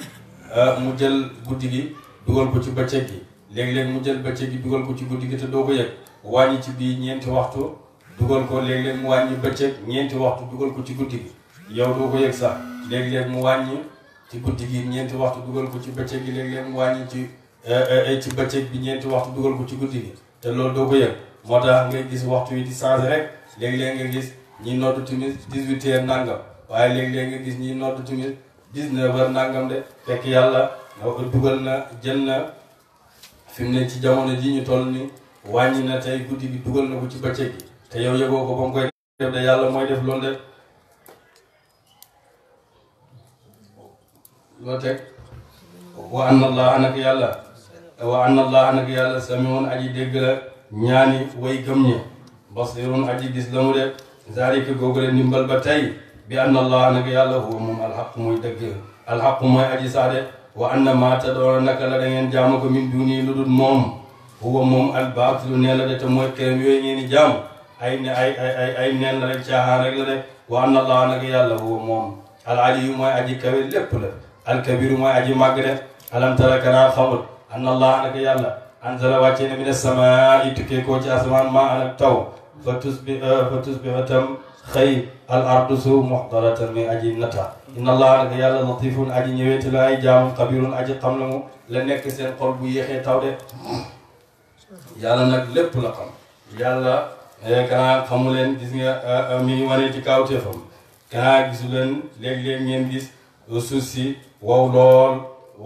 [SPEAKER 1] euh, mu jël guddi gi dugal ko ci bëccëg gi léegi léeg mu jël bëccëg gi dugal ko ci guddi gi te doo ko yëg wàññi ci bii ñeenti waxtu dugal ko léeg-léeg mu wàññi bëccëg ñeenti waxtu dugal ko ci guddi gi yow doo ko yëg sax léeg-léeg mu wàññi ci guddi gi ñeenti waxtu dugal ko ci bëccëg gi léegi léeg mu wàññi ci ay eh, eh, eh, ci bëccëg bi ñeenti waxtu dugal ko ci guddi gi te loolu doo ko yëg moo tax ngay gis waxtu yi di changé rek léeg-léeg nga gis ñi noddu timis 18 heures nangam waaye léeg-léeg nga gis ñi noddu timis 19 heures nangam de fekk yàlla dugal na jël na fi mu ne ci jamono ji ñu toll ni wàññi na tey guddi gi dugal na ko ci bëccëg gi te yow yëgoo ko ba mu koy def de yàlla mooy def loolu de wa anna allah nak yàlla wa anna allah nak yàlla samiun aji dégg ñaani way gëm basirun aji gis la mu de zaalika googu de ndimbal ba bi anna allah nak yàlla huwa moom alxaq mooy dëgg alxaq mooy aji sax wa anna maa tad'uuna naka la da ngeen ko min duuni lu dul moom huwa moom albaatilu nee la de te mooy këram yooyu ngeen di ay ay ay ay nen rek caaxaan rek la de wa anna allah nag yàlla woo moom al aliyu mooy aji kawe lépp la al kabiru mooy aji màgg de alam tara kana xamul anna allah nag yàlla anzala wàcce ne min asamaa tukkee koo ci asamaan maa an ak taw fa tusbi fa tusbiha tam xëy al ardu suuf muxdaratan mi aji nata inna allah nag yàlla latifun aji ñëweeti la ay jaamam xabirun aji xam la mu la nekk seen xol bu yéexee taw de yàlla nag lépp la xam yàlla xanaa eh, xamu leen gis nga eh, eh, mi ngi wane ci kaw xanaa gisu leen léeg-léeg ngeen gis suuf si wow lool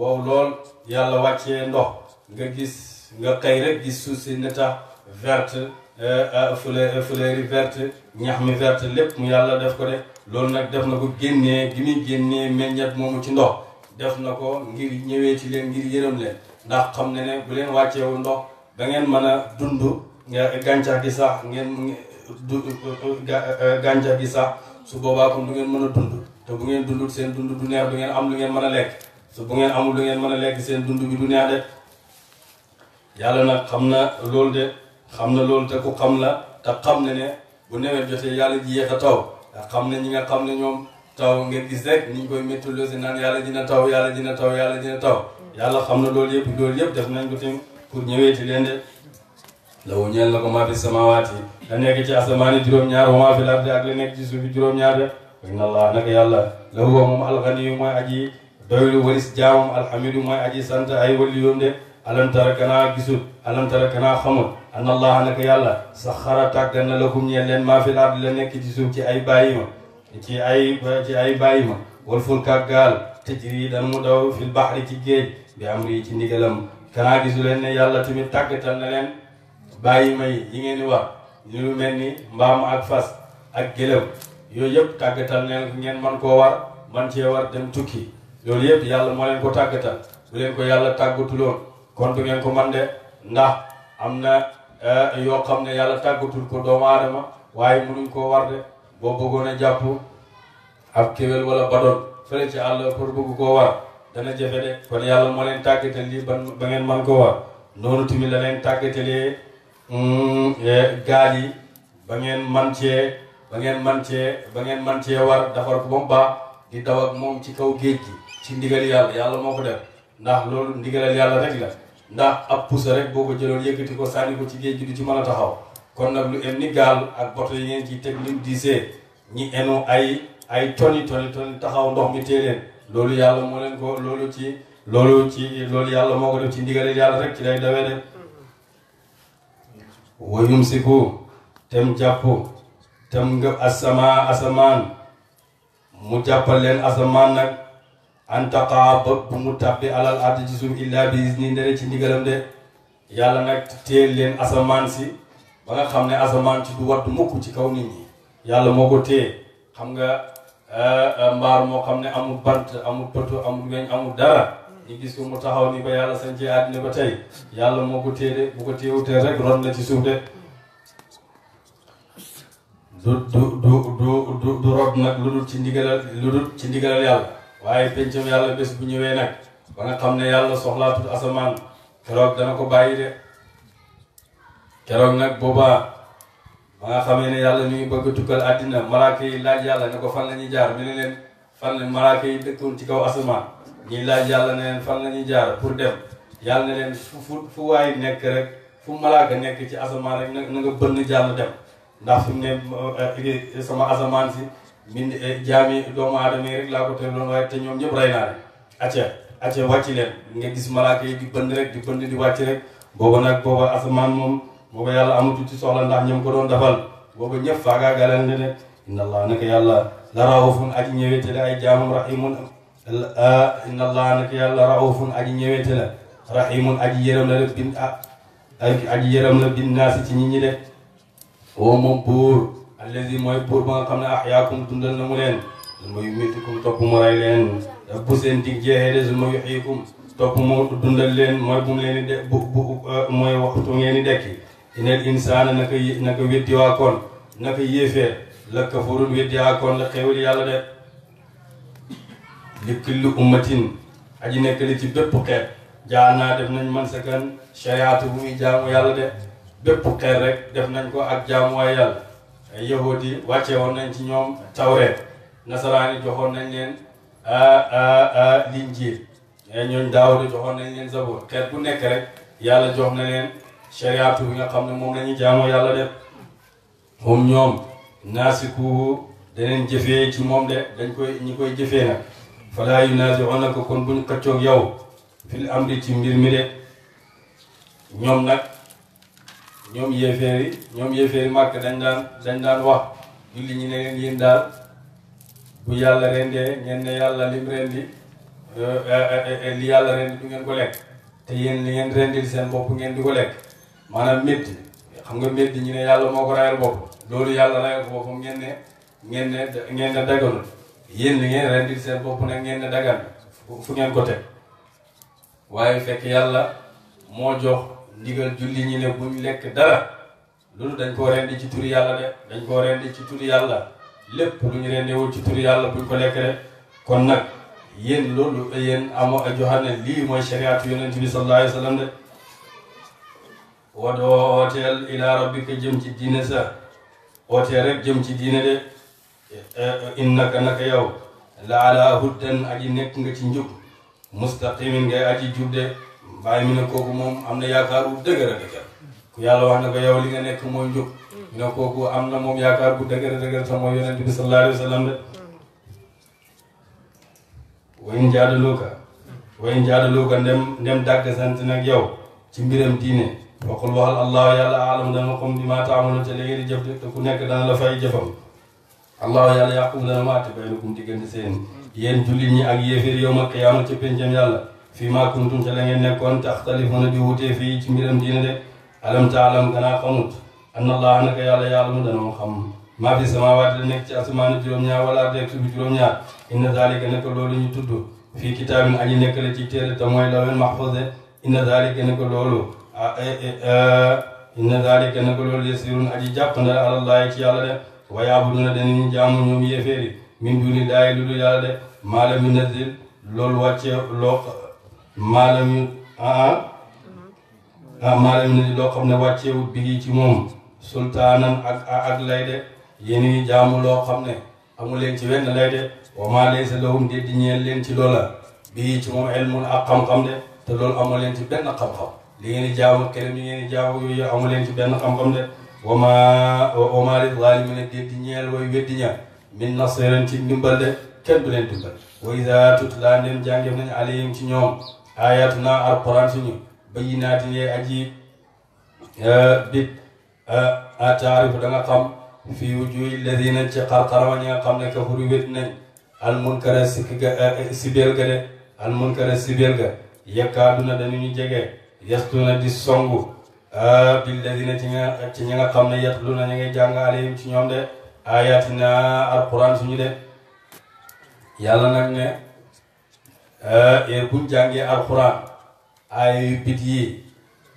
[SPEAKER 1] wow lool yàlla wàccee ndox nga gis nga xëy rek gis suuf si vert tax verte fleur fleur yi verte ñax mi verte lépp mu yàlla def ko de loolu nag def na ko génnee gi muy génnee meññat moomu ci ndox def na ko ngir ñëwee ci leen ngir yërëm leen ndax xam ne ne bu leen wàcceewu ndox da ngeen mën a dund gàncax gi sax ngeen du euh, euh, gàncax gi sax su boobaa kon du ngeen mën a dund te bu ngeen dundul seen dund du neex du ngeen am lu ngeen mën a lekk bu ngeen amul lu ngeen mën a lekk seen dund bi du neex de yàlla nag xam na loolu de xam na loolu te ku xam na te xam ne ne bu nawet jotee yàlla ji yéex a taw xam ne ñi nga xam ne ñoom taw ngeen gis rek ni ñu koy méttiloo si naan yàlla dina taw yàlla dina taw yàlla dina taw yàlla xam na loolu yëpp loolu yëpp def nañ ko pour ñëwee ci leen de law ñeel na ko maa fi samawaat la nekk ci asamaani juróom-ñaar wa maa fi lardi ak li nekk ci suufi juróom-ñaar ya wa inna allah naka yàlla la huwa moom alxaniyu mooy aji doylu walis jaamam alxamidu mooy aji sant ay wali yoom de alam tara kanaa gisul alam tara kanaa xamul anna allah naka yàlla saxara tàggan na lakum ñeel leen maa fi lardi la nekk ci suuf ci ay bàyyi ma ci ay ci ay bàyyi ma wal fulka gaal tajri dan mu daw fil baxri ci géej bi amri ci ndigalam kanaa yàlla tamit tàggatal yi may yi ngeen di wax lu mel ni mbaam ak fas ak gëlëm yooyu yëpp tàggatal neen ngeen man koo war man cee war dem tukki loolu yëpp yàlla moo leen ko tàggatal ko yàlla tàggatuloon kon du ngeen ko man de ndax am na eh, yoo xam ne yàlla tàggatul ko doomu aadama waaye munuñ koo war de boo bëggoon a jàpp ab kéwél wala badoon fële pour bëgg koo war dana jafe de kon yàlla moo leen tàggatal lii ba ba ngeen man ko war noonu tamit la leen tàggatalee Mm, eh, gaal yi ba ngeen man cee ba ngeen man cee ba ngeen man cee war defar ko ba mu baax di daw ak moom ci kaw géej gi ci ndigal yàlla yàlla moo ko def ndax loolu ndigalal yàlla rek la ndax ab pusa rek boo ko jëloon yëkkati ko sànni ko ci géej gi du ci mën a taxaw kon nag lu em ni gaal ak boto yi ngeen ciy teg lim diisee ñi enu ay ay toni toni toni taxaw ndox mi tee leen loolu yàlla moo leen ko loolu ci loolu ci loolu yàlla moo ko def ci ndigalal yàlla rek ci lay dawee de wayum siku tem jàpp tem nga asama asamaan mu jàppal leen asamaan nag an taqaa bu mu tàbbi alal ardi ci suuf illaa bi izni ndene ci ndigalam de yàlla nag téel leen asamaan si ba nga xam ne asamaan si du wadd mukk ci kaw nit ñi yàlla moo ko téye xam nga euh, euh, mbaar moo xam ne amul bant amul poto amul weñ amul dara ñu gis ko mu taxaw ni ko yàlla sañcee àddina ba tey yàlla moo ko téye de bu ko téyewutee rek ron na ci suuf de du du du du du rot nag lu dul ci ndigalal lu dul ci ndigalal yàlla waaye pencam yàlla bés bu ñëwee nag ba nga xam ne yàlla soxlaatul asamaan keroog dana ko bàyyi de keroog nag boobaa ba nga xamee ne yàlla mi ngi bëgg tukkal àddina malaaka laaj yàlla ne ko fan la jaar mu ne leen fan la ci kaw asamaan ñuy laaj yàlla ne leen fan la ñuy jaar pour dem yàlla ne leen fu fu fu waay nekk rek fu malaaka nekk ci asamaan rek na nga bënn jàll dem ndax fi mu ne eh, eh, eh, sama asamaan si min jaami doomu aadama yi rek laa ko teeloon waaye te ñoom ñëpp rey naa leen acca acca wàcc leen nga gis malaaka yi di bënd rek di bënd di wàcc rek booba nag booba asamaan moom booba yàlla amatu ci soxla ndax ñoom ko doon dafal booba ñëpp faagaagaleen ne ne inna allah naka yàlla la raawufun inna allah nag yàlla raufun aji ñëweete la rahimun aji yërëm la def bin ah aji yërëm la bin naasi ci nit de woo moom buur allazi mooy buur ba nga xam ne axyaakum dundal na mu leen suma yumitukum topp mu rey leen bu seen dig jeexee de suma yuxiikum topp mu dundal leen mooy bu mu leen de bu bu euh, mooy waxtu ngeen di dekki inel insaana naka naka naka yéefeer la kafurun weddi la xéewal yàlla de li kulli ummatin aji nekk li ci bépp xeet naa def nañ man sakan shariatu bu muy jaamu yàlla de bépp xeet rek def nañ ko ak jaamuwaay yàlla ay yahudi wàcce woon nañ ci ñoom tawreet nasaraani joxoon nañ leen linjiir ñooñ daawuda joxoon nañ leen zaboor xeet bu nekk rek yàlla jox na leen shariatu bi nga xam ne moom la ñuy jaamoo yàlla de moom ñoom naasikuhu daneen jëfee ci moom de dañ koy ñi koy jëfee nag falaa ko kon bu buñ xëccoog yow fil amri ci mbir mi de ñoom nag ñoom yéeféer ñoom yéeféer yi dañ daan dañ daan wax julli ñu ne leen yéen daal bu yàlla rendee ngeen ne yàlla lim rendi euh, euh, li yàlla rendi du ngeen ko lekk te yéen li ngeen rendil seen bopp ngeen di ko lekk maanaam métti xam nga métti ñu ne yàlla moo ko rayal bopp loolu yàlla rayal foofu ngeen ne ngeen ne ngeen ne daganul yéen li ngeen rendil seen bopp nag ngeen ne dagan fu ngeen ko teg waaye fekk yàlla moo jox ndigal julli ñi ne buñ lekk dara loolu dañ koo rendi ci turi yàlla de dañ koo rendi ci turi yàlla lépp lu ñu rendiwul ci turi yàlla buñ ko lekk de kon nag yéen loolu yéen amoo a joxal ne lii mooy shariatu yonent bi sallallahu alayhi wa sallam de wadoo jëm ci diine sa ooteel rek jëm ci diine de Eh, innaka naka yow la ala huddan aji nekk nga ci njub mustaqimin ngay aji jubde bàyyi mi ne kooku moom am na yaakaar bu dëgër ku yàlla wax na ko yow li nga nekk mooy njub mi ne kooku am na moom yaakaar bu dëgër a dëgër sa mooy yonent bi sallallahu alayhi wa sallam de wa in jaadaluuka wa in jaadaluuka ndem ndem dàgg nag yow ci mbiram diine waxul waxal allah yàlla alam dana xam li ma taamalo te léegi di jëf de te ku nekk dana la fay jëfam allahu yàlla yàqu dana maate baynakum diggante seen yéen jullit ñi ak yéeféer yow ma ca péncam yàlla fii maa kuntum ca la ngeen nekkoon taxtalifuuna di wutee fii ci mbiram diine de alam taalam ganaa xamut anna allaha naka yàlla yàlla mu dana mu xam maa fi samaawaati la nekk ci asamaani juróom-ñaar wala ardi ak suufu juróom-ñaar inna zaalika nekk loolu ñu tudd fii kitaabin aji nekk la ci téere te mooy lawhul mahfuuz inna zaalika nekk loolu e, e, e, inna zaalika nekk loolu yasirun aji jàpp na alallahi ci yàlla de wayaabuduuna dañuy jaamu ñoom yéeféeri min duni daay lu dul yàlla de maalam yu nazil loolu wàcce loo maalam yu ah ah, ah mi yu loo xam ne wàccewut bi ci moom sultaanan ak ak lay de yéen ngi jaamu loo xam ne amu leen ci wenn lay de wa maa laysa lahum déet di ñeel leen ci loola bii ci moom ilmun ak xam-xam de te loolu amu leen ci benn xam-xam li ngeen di jaamu keneen li ngeen di jaamu yooyu amu leen ci benn xam-xam de wama wama lil zaalimiina déet di ñeel way weddi min nasirin ci ndimbal de kenn du leen dimbal wa iza tutla ndem jàngeef nañu alayhim ci ñoom naa alquran suñu bayyinaatin yee aji e, bit e, ataarifu da xam fi wujuhi alladina ci xarxarama ñi nga xam ne kafaru wét nañ al munkara sikk ga e, sibeel ga de al munkara sibeel ga yakkaaduna dañu ñu jege yastuna di songu Ah, billadina ci ña ci ñi nga xam ne yatluna ñu ngay jàng alayhim ci ñoom de ayatina alquran suñu de yàlla nag ne heure ah, eh, buñ jàngee alquran ay bit yi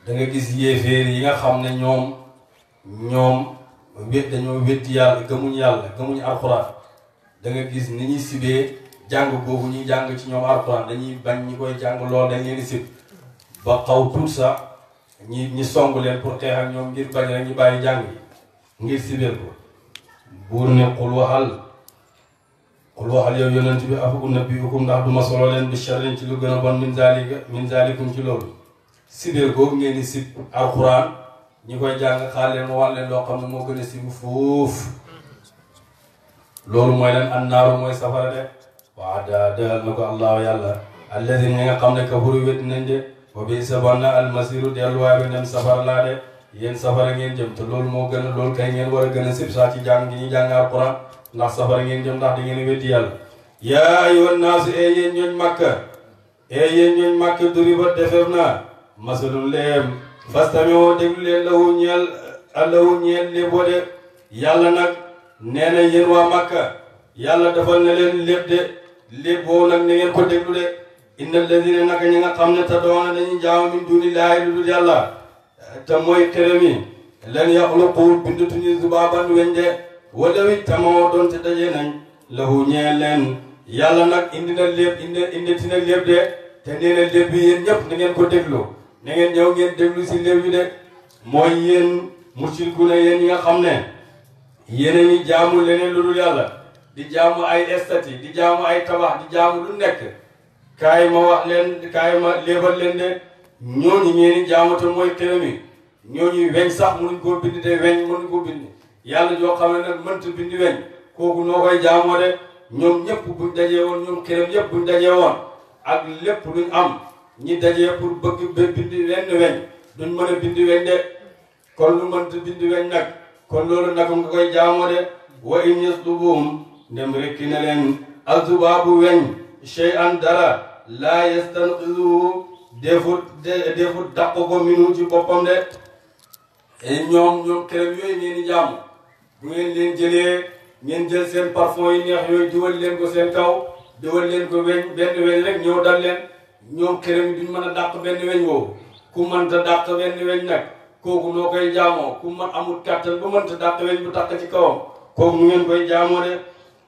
[SPEAKER 1] danga gis yéeféer yi nga xam ne ñoom ñoom wét dañoo wétti yàlla gëmuñ yàlla gëmuñ alquran da nga gis ni ñuy sibee jàng boobu ñuy jàng ci ñoom alquran dañuy bañ ñi koy jàng lool dañ leen ba xaw tuut sax ñi ñi song leen pour xeex ak ñoom ngir bañ rek ñu bàyyi jàng ngir sibéer ko buur ne xul waxal xul waxal yow yonent bi afagu nabiyukum ndax duma solo leen bi sharrin ci lu gën a bon min zalika ci loolu sibéer googu ngeen di sib alquran ñi koy jàng xaar leen mu wax leen loo xam ne moo gën a sibu foofu loolu mooy leen annaaru mooy safara de waa daa daal na ko allah yàlla alladi ñi nga xam ne kafaru wét nañ de fo bi sabonna almasiru delluwaay bi dem laa de yéen safara ngeen jëm te loolu moo gën a loolu kay ngeen war a gën a sib saa ci jàng gi ñu jàng alquran ndax safara ngeen jëm ndax da ngeen weddi yàlla yaa ayyuhan naas e yéen ñooñ màkka e yéen ñooñ màkka duriba defeef na masalul leem fastamioo déglu leen lahu ñeel allahu ñeel lépp boo de yàlla nag nee na waa màkka yàlla defal na leen lépp de lépp boo nag na ngeen ko déglu de inna alladina naka ñi nga xam ne te doona dañuy jaamu min dunillaahi lu dul yàlla te mooy këram yi lan yaxluqu bindatuñu zubaaban weñ de wala wi tamoo doonte daje nañ lahu ñee leen yàlla nag indi na lépp indi indi na lépp de te nee na lépp yi yéen ñëpp na ngeen ko déglu na ngeen ñëw ngeen déglu si lépp yi de mooy yéen mushrikuna yéen ñi nga xam ne yéen a ngi jaamu leneen lu dul yàlla di jaamu ay estati di jaamu ay tabax di jaamu lu nekk kaay ma wa leen kaay ma léebal leen de ñooñu ngeen di jaamutal mooy xew mi ñooñu weñ sax mënuñ koo bind de weñ mënuñ koo bind yàlla joo xam ne nag mënta bind weñ kooku noo koy jaamoo de ñoom ñëpp buñ dajee woon ñoom xew ñëpp buñ dajee woon ak lépp luñ am ñi dajee pour bëgg ba bind wenn weñ duñ mën a bind weñ de kon lu mënta bind weñ nag mu loolu naka nga koy jaamoo de wa in yaslubuhum ndem rekki na leen azubaabu weñ shay'an dara laa yastanqizuhu defut defut dàq ko minu ci boppam de ñoom ñoom xerem yooyu ngeen di jàmm bu ngeen leen jëlee ngeen jël seen parfum yi neex yooyu diwal leen ko seen kaw diwal leen ko weñ benn weñ rek ñëw dal leen ñoom xerem yi duñ mën a dàq benn weñ woowu ku mënta dàq benn weñ nag kooku noo koy jaamoo ku man amul kàttan ba mënta dàq weñ bu tàq ci kawam kooku mu ngeen koy jaamoo de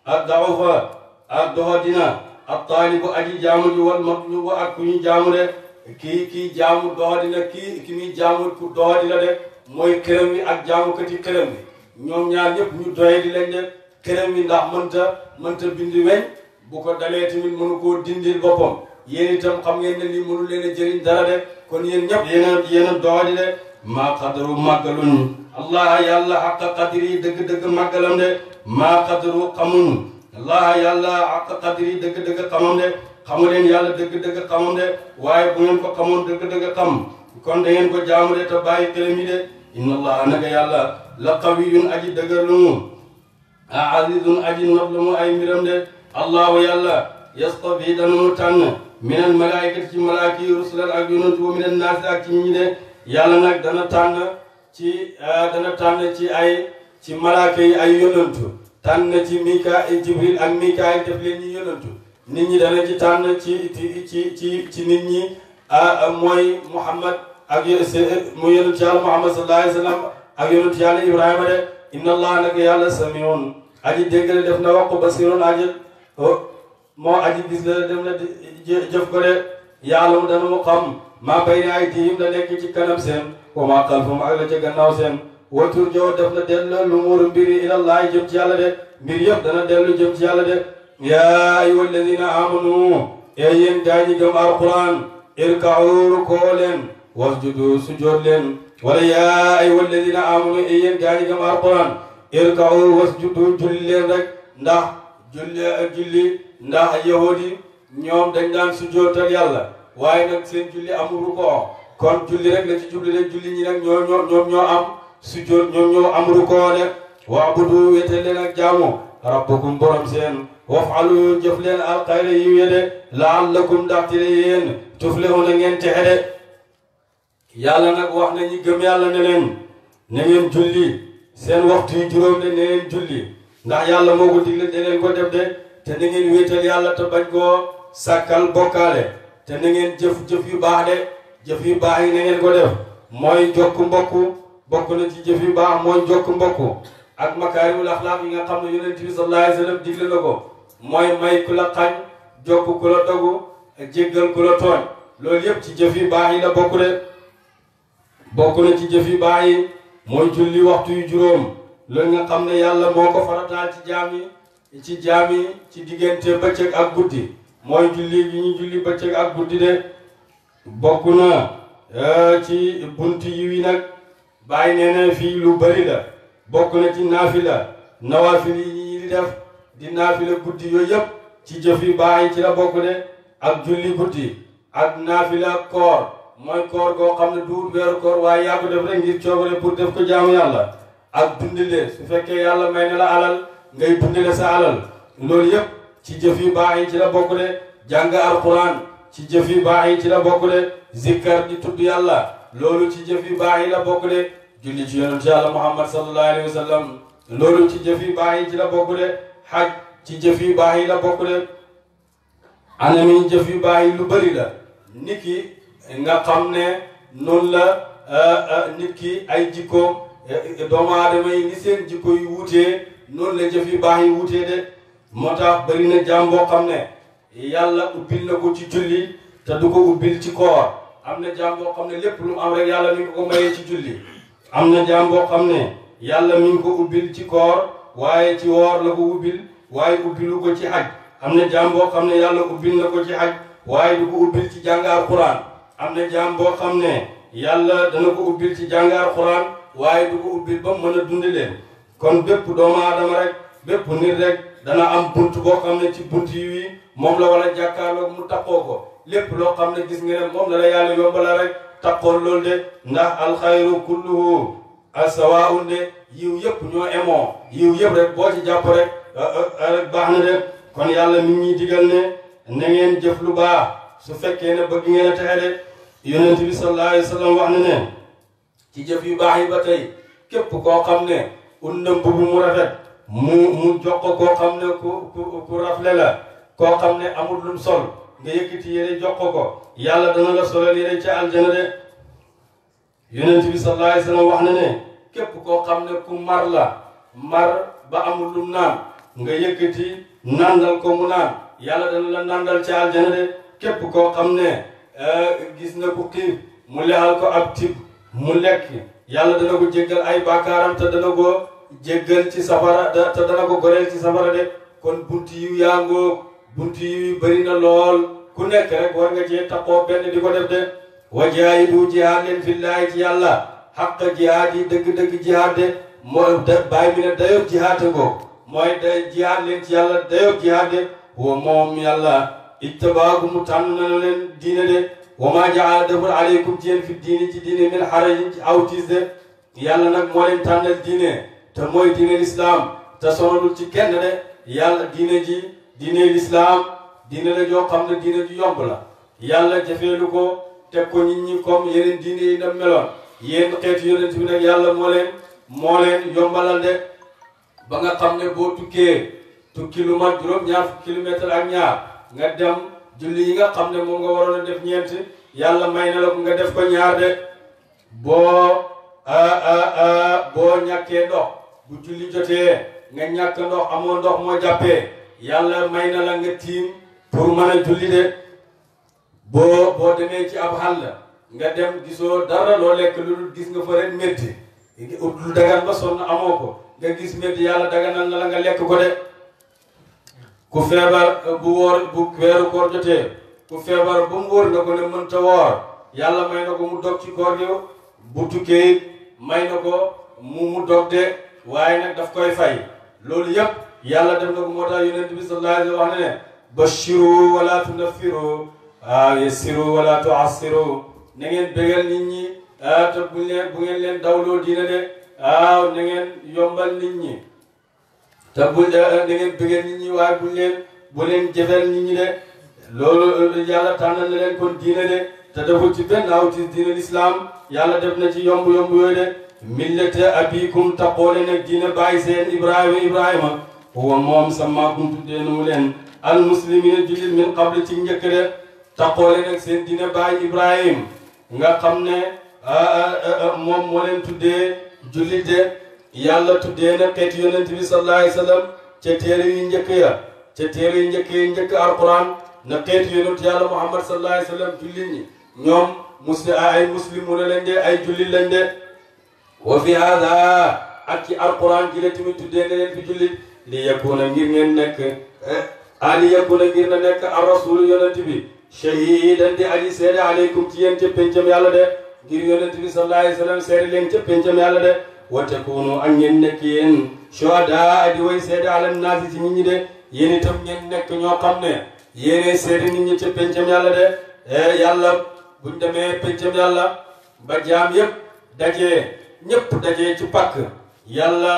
[SPEAKER 1] a daxu fa ak doxa dina ab taalibu aji jaamu ji wal matlubu ak ku ñu jaamu de kii kii jaamu doxadi la kii ki muy jaamu ku doxadi la de mooy këram mi ak jaamukati këram mi ñoom ñaar ñëpp ñu doye di lañ de këram mi ndax mënta mënta bindi weñ bu ko dalee tamit mënu koo dindi boppam yéen itam xam ngeen ne lii mënu leen a jëriñ dara de kon yéen ñëpp yéen a yéen a doxadi de maa qadaru màggaluñu allah yàlla xaqa qadri dëgg-dëgg màggalam de maa qadaru xamuñu allah yàlla ak qadri dëgg-dëgg xamam de xamu leen yàlla dëgg-dëgg xamam de waaye bu ngeen ko xamoon dëgg-dëgg xam kon da ngeen ko jaamu de te bàyyi xelam de inna allah naka yàlla la qawiyun aji dëgër lu mu a azizun aji not ay mbiram de allahu yàlla yastafi dana mu tànn min al malaayikati ci malaaka yi ak yonantu wa min al ak ci ñi de yàlla nag dana tànn ci dana tànn ci ay ci malaaka ay yonantu tànn na ci Mikaayil Jibril ak Mikaayil def leen ñu yonantu nit ñi dana ci tànn ci ci ci ci nit ñi mooy Muhammad ak mu yonantu yàlla Muhammad sallallahu alayhi wa sallam ak yonantu yàlla Ibrahima de inna allah nag yàlla samiun aji dégg def na wax ko basiroon aji moo aji gis la dem na jëf ko de mu dana mu xam maa bay ne ay nekk ci kanam seen wa maa xalfum ak la ca gannaaw seen watur ñëw def na delloo lu muuru mbiri ilallaahi jëm ci yàlla de mbir yëpp dana dellu jëm ci yàlla de yaa ayyuha alladina amanu ee yéen gaa ñi gëm alquran irka'u rukoo leen wasjudu sujood leen wala yaa ayyuha alladina amanu ee yéen gaa ñi gëm alquran irka'u wasjudu julli leen rek ndax julli julli ndax yahudi ñoom dañ daan sujootal yàlla waaye nag seen julli amul rukoo kon julli rek la ci jubli rek julli ñi nag ñoo ñoo ñoom am sujjóot ñoom ñoo am rukoo de waabudu wéete leen ak jaamu rabbukum borom seen wafalu jëf leen alxayra yi wede laallakum ndaxte yéen tuflihuna ngeen texe de yàlla nag wax na ñi gëm yàlla ne leen na ngeen julli seen waxtu yi juróom de ne ngeen julli ndax yàlla moo ko deneen ne ko def de te na ngeen wéetal yàlla te bañ koo sàkkal bokkaale te na ngeen jëf jëf yu baax de jëf yu baax yi na ko def mooy jokku mbokku bokk na ci jëf yu baax mooy jokk mbokk ak makaarimul axlaaq yi nga xam ne yonent bi sallallahu alayhi wa sallam digle na ko mooy may ku la xañ jokk ku la dogu ak jéggal ku la tooñ loolu yëpp ci jëf yu baax yi la bokk ci jëf yu baax mooy julli waxtu yu juróom loolu nga xam ne yàlla moo ko farataal ci jaam ci jaam ci diggante bëccëg ak guddi mooy julli yi de bokk na eh, ci bunt yi wi nag bàyyi nee fii lu bari bokku bokk na ci naafila nawaafil yi di def di naafila guddi yooyu yëpp ci jëf yi bàyyi ci la bokk de ak julli guddi ak naafila koor mooy koor goo xam ne duur weeru koor waaye yaa ko def rek ngir coobare pour def ko jaamu yàlla ak dundile su fekkee yàlla may na la alal ngay dundile sa alal loolu yëpp ci jëf yu baax yi ci la bokk de jàng alquran ci jëf yu baax yi ci la bokk de zikkar di tudd yàlla loolu ci jëf yu baax yi la bokk de julli ci yonent yàlla muhammad sallallahu wa sallam loolu ci jëf yu baax yi ci la bokk de xaj ci jëf yu baax yi la bokk de anami jëf yu baax yi lu bëri la nit ki nga xam ne noonu la euh, euh, nit ki ay jikko euh, doomu aadama ngi seen jikko yu wuutee noonu la jëf yu baax yi wuutee de moo tax bëri na jaam boo xam ne yàlla ubbil na ko ci julli te du ko ubbil ci koor am na jaam boo xam ne lépp lu am rek yàlla mi ngi ko mayee ci julli am na jaam boo xam ne yàlla mi ko ubbil ci koor waaye ci woor la ko ubbil waaye ubbilu ko ci aj am na jaam boo xam ne yàlla ubbil na ko ci aj waaye du ubbil ci jàng alxuraan am na jaam boo xam ne yàlla dana ko ubbil ci jàng alxuraan waaye du ko ubbil ba mën a dundi leen kon bépp doomu aadama rek bépp nit rek dana am bunt boo xam ne ci bunt yi wi moom la wala jàkkaarloo mu taxoo ko lépp loo xam ne gis nga ne moom la yàlla yombalal rek taqool loolu de ndax alxayru kulluhu asawaun de yiw yëpp ñoo emoo yiw yëpp rek boo ci jàpp rek euh, euh, euh, baax na de kon yàlla mi ñuy digal ne na ngeen jëf lu baax su fekkee ne bëgg ngeen a texe de yonent bi sallallahu wa sallam wax na ne ci jëf yu baax yi ba tey képp koo xam ne un na mbubu mu rafet mu mu jox koo xam ne ku ku ku rafle koo xam ne amul lum sol nga yëkkati yére jox ko ko yàlla dana la solal yére ci aljana de yonent bi sallallahu alayhi wasallam wax na ne képp koo xam ne ku mar la mar ba amul lum naan nga yëkkati nàndal ko mu naan yàlla dana la nàndal ci aljana de képp koo xam ne euh, gis na ku xiif mu lexal ko ab tib mu lekk yàlla dana ko jéggal ay bàkkaaram te dana ci safara te dana ko goreel ci safara de kon bunti yu yaangoo buntu yi bëri na lool ku nekk rek war nga cee taxoo benn di ko def de wa jaahidu jihaad leen fillaahi ci yàlla xaq jihaad yi dëgg-dëgg jihaad de mooy bàyyi bi ne dayob jihaad ngoo mooy day jihaad leen ci yàlla dayob jihaad de wa moom yàlla ittabaagu mu tànn na leen diine de wa maa jaala aleykum ci yéen fi diini ci diine min xarajin ci awtiis de yàlla nag moo leen tànnal diine te mooy diine lislaam te sonalul ci kenn de yàlla diine ji diine lislaam diine la joo xam ne diine ju yomb la yàlla jafeelu ko teg ko nit ñi comme yeneen diine yi dem meloon yéen xeetu yonent bi nag yàlla moo leen moo leen yombalal ba nga xam ne boo tukkee tukki lu juróom-ñaar fukki kilomètre ak ñaar nga dem julli yi nga xam ne moom nga waroon a def ñeent yàlla may na la ko nga def ko ñaar de boo boo ñàkkee ndox bu julli jotee nga ñàkk ndox amoo ndox moo jàppee yàlla may na la nga tiim pour mën a julli de boo boo demee ci ab xàll nga dem gisoo dara loo lekk lu gis nga fa rek métti lu dagan ba sonn amoo ko nga gis métti yàlla daganal na la nga lekk ko de ku feebar eh, bu wóor bu weeru koor jotee ku feebar ba mu wóor na ko ne mënta woor yàlla may na ko mu dog ci koor yow bu tukkee may na ko mu mu dog de waaye nag daf koy fay loolu yëpp yàlla def na ko moo tax yonent bi sallallahu alayhi wa sallam wax ne bashiru wala tunaffiru waaw ah, yassiru wala tuassiru na ngeen bégal nit ñi ah, te bu leen bu ngeen leen dawloo diina de waaw ah, na yombal nit ñi te bu na ngeen nit ñi waaye bu leen bu leen jëfeel nit ñi de loolu eh, yàlla tànnal na leen kon diina de te deful ci benn awtis diina lislaam yàlla def na ci yomb-yomb yooyu de millete abikum taqoole nag diina bàyyi seen ibrahima ibrahima huwa moom sammaakum tuddee na mu leen al muslimina jullit min qabli ci njëkk de taqoole nag seen dina baay Ibrahim nga xam ne moom moo leen jullit de yàlla tuddee na xeet yonent bi sallallahu alayhi wasallam ca téere yu njëkk ya ca téere yu njëkk yi njëkk alquran na xeet yonent yàlla Muhammad sallallahu alayhi jullit ñi ñoom ay muslimuna lañ de ay jullit lañ wa fi hada ak ci alquran ji la tamit tuddee na leen fi jullit li yakuna ngir ngeen nekk eh, ah li yakuna ngir na nekk ar rasul yonent bi shahidan di seede aleykum ci yéen ca pencam yàlla de ngir yonent bi sallallahu alayhi wa seede leen ca pencam yàlla de wa takunu ak ngeen nekk yéen shuhada di way seede ala naasi ci nit de yéen itam ngeen nekk ñoo xam ne yéenay seede nit ñi ca pencam de eh, yàlla buñ demee pencam yàlla ba jaam yépp dajee ñépp dajee ci pàkk yàlla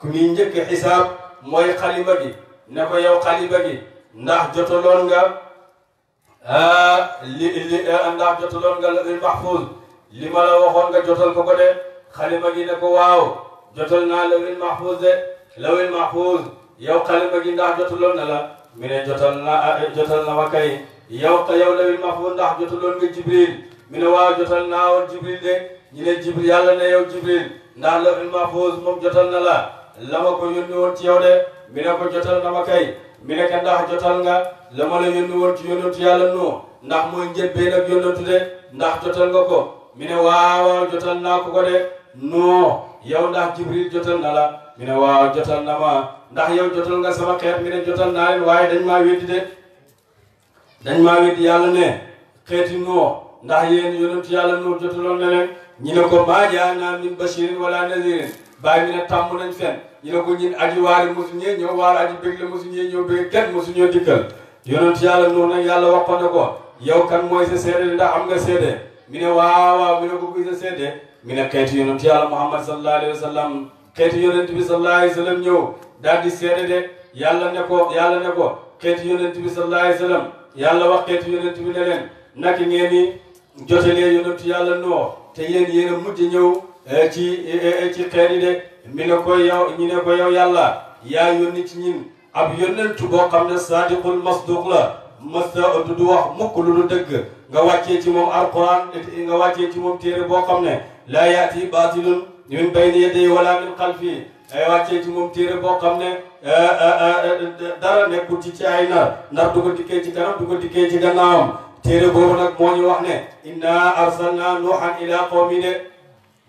[SPEAKER 1] ku ñuy njëkk xisaab mooy xaliba gi ne ko yow xaliba gi ndax jotaloon nga ah, li li ah, ndax jotaloon nga mahfuz li ma la waxoon nga jotal ko de xaliba gi ne ko waaw jotal naa lawil mahfuz de lawil mahfuz yow xaliba gi ndax jotaloon na la mi ne jotal ah, na na wa kay yow yow mahfuz ndax jotaloon nga jibril mi ne waaw jotal naa woon jibril de ñu ne jibril yàlla ne yow jibril ndax lawil mahfuz moom jotal na la la ko yónni woon yaw yow de mi ne ko jotal na ma kay mi ne ko jotal nga la ma la yónni woon ci yónnatu yàlla noo ndax mooy njëlbéen ak yónnatu de ndax jotal nga ko mi ne waaw jotal naa ko ko de noo yow ndax jibril jotal na la mi ne jotal na ma ndax yow jotal nga sama xeet mi ne jotal naa leen waaye dañ maa weddi de dañ maa weddi yàlla ne xeeti noo ndax yéen yónnatu yàlla noo jotaloon na leen ñi ne ko maa jaa naa min bashirin wala nadirin bàyyi ñu ne tàmm nañ fen ñu ne ko ñun aji waari mosu ñee ñoo waar mosu ñee dikkal yonent yàlla noonu nag yàlla waxoon na ko yow kan mooy sa seede ndax am nga seede mi ne waaw waaw ko kuy sa seede mi ne xeeti yonent yàlla muhammad sallallahu alayhi wa sallam xeeti yonent bi sallallahu di seede de yàlla ne ko yàlla ne ko xeeti yonent bi sallallahu alayhi wa sallam yàlla wax xeeti yonent bi ne leen naka ngeen ni noo te yéen Eh, ci eh, eh, ci xeet yi de mi ne ko yow ñu ne ko yow yàlla yaa yónni ci ñin ab yónnentu boo xam ne sadiqul masduq la masta du wax mukk lu lu dëgg nga wàccee ci moom alquran nga wàccee ci moom téere boo xam ne laa yaati baatilun min bayni yadayhi wala min xalfi boo xam ne dara nekkul ci ci ay nar ndax du ko dikkee ci kanam du ci gannaawam téere boobu nag moo wax ne inna arsalna nuuhan ila qawmi de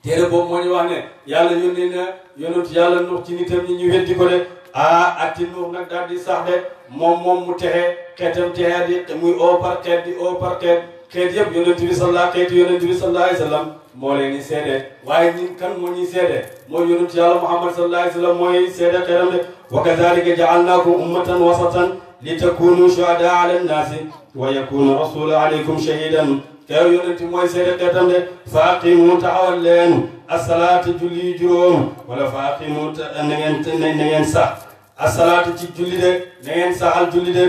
[SPEAKER 1] téere boobu moo ñu wax ne yàlla yónni na yonent yàlla nuux ci nitam ñi ñu weddi ko de ah atti nuux nag daal di sax de moom moom mu texe xeetam texe di muy oo par xeet di oo par xeet xeet yëpp yonent bi sallallahu xeeti yonent bi sallallahu alayhi wasallam moo leen di seede waaye ñun kan moo ñuy seede mooy yonent yàlla muhammad sallallahu alayhi wasallam mooy seede xeetam de wa kadhalika ja'alnakum ummatan wasatan li takunu shuhada ala nnaasi wa yakuna rasulu alaykum shahidan teew yonent bi mooy seede xeetam de faaqimu taxawal leen asalaata julli juróom wala faaqimu na ngeen na ngeen sax asalaata ci julli de na ngeen saxal julli de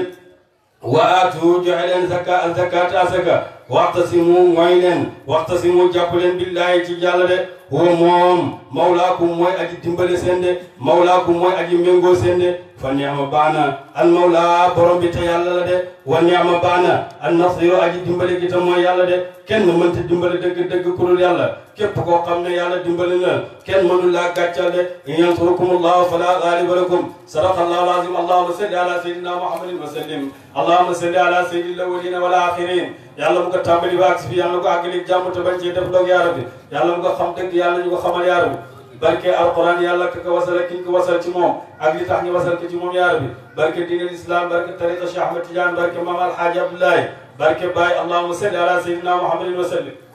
[SPEAKER 1] waatu joxe leen zakka azakata azaka waxtasimu mooy leen waxtasimu jàpp leen billaahi ci Yàlla de huwa moom mawlaakum mooy aji dimbale seen de mawlaakum mooy aji méngoo seen de fa neexma baana al mawla borom bi te yàlla la de wa neexma baana an nasiru aji dimbale gi te mooy yàlla de kenn mënta dimbale dëgg dëgg ku dul yàlla képp koo xam ne yàlla dimbale na kenn mënul laa gàccal de in yansurukum allahu fala gaaliba lakum sadaqa allahu lazim allahuma salli ala sayyidina muhammadin wa sallim allahuma salli ala sayyidil awwalina wal axirin yàlla mu ko tàmbali ba agsi fi yàlla ko àggaleeg jàmm te bañ cee def dog yaara dëgg yàlla ñu ko xamal yaara bi barke alquran yàlla ka ko wasal ak ki ñu ko wasal ci moom ak li tax ñu wasal ko ci moom yaara bi barke diinal islam barke tariqa Cheikh Ahmed Tidiane barke maam alhaaji Abdoulaye barke Baye allahuma salli ala sayyidina muhammadin wa sallim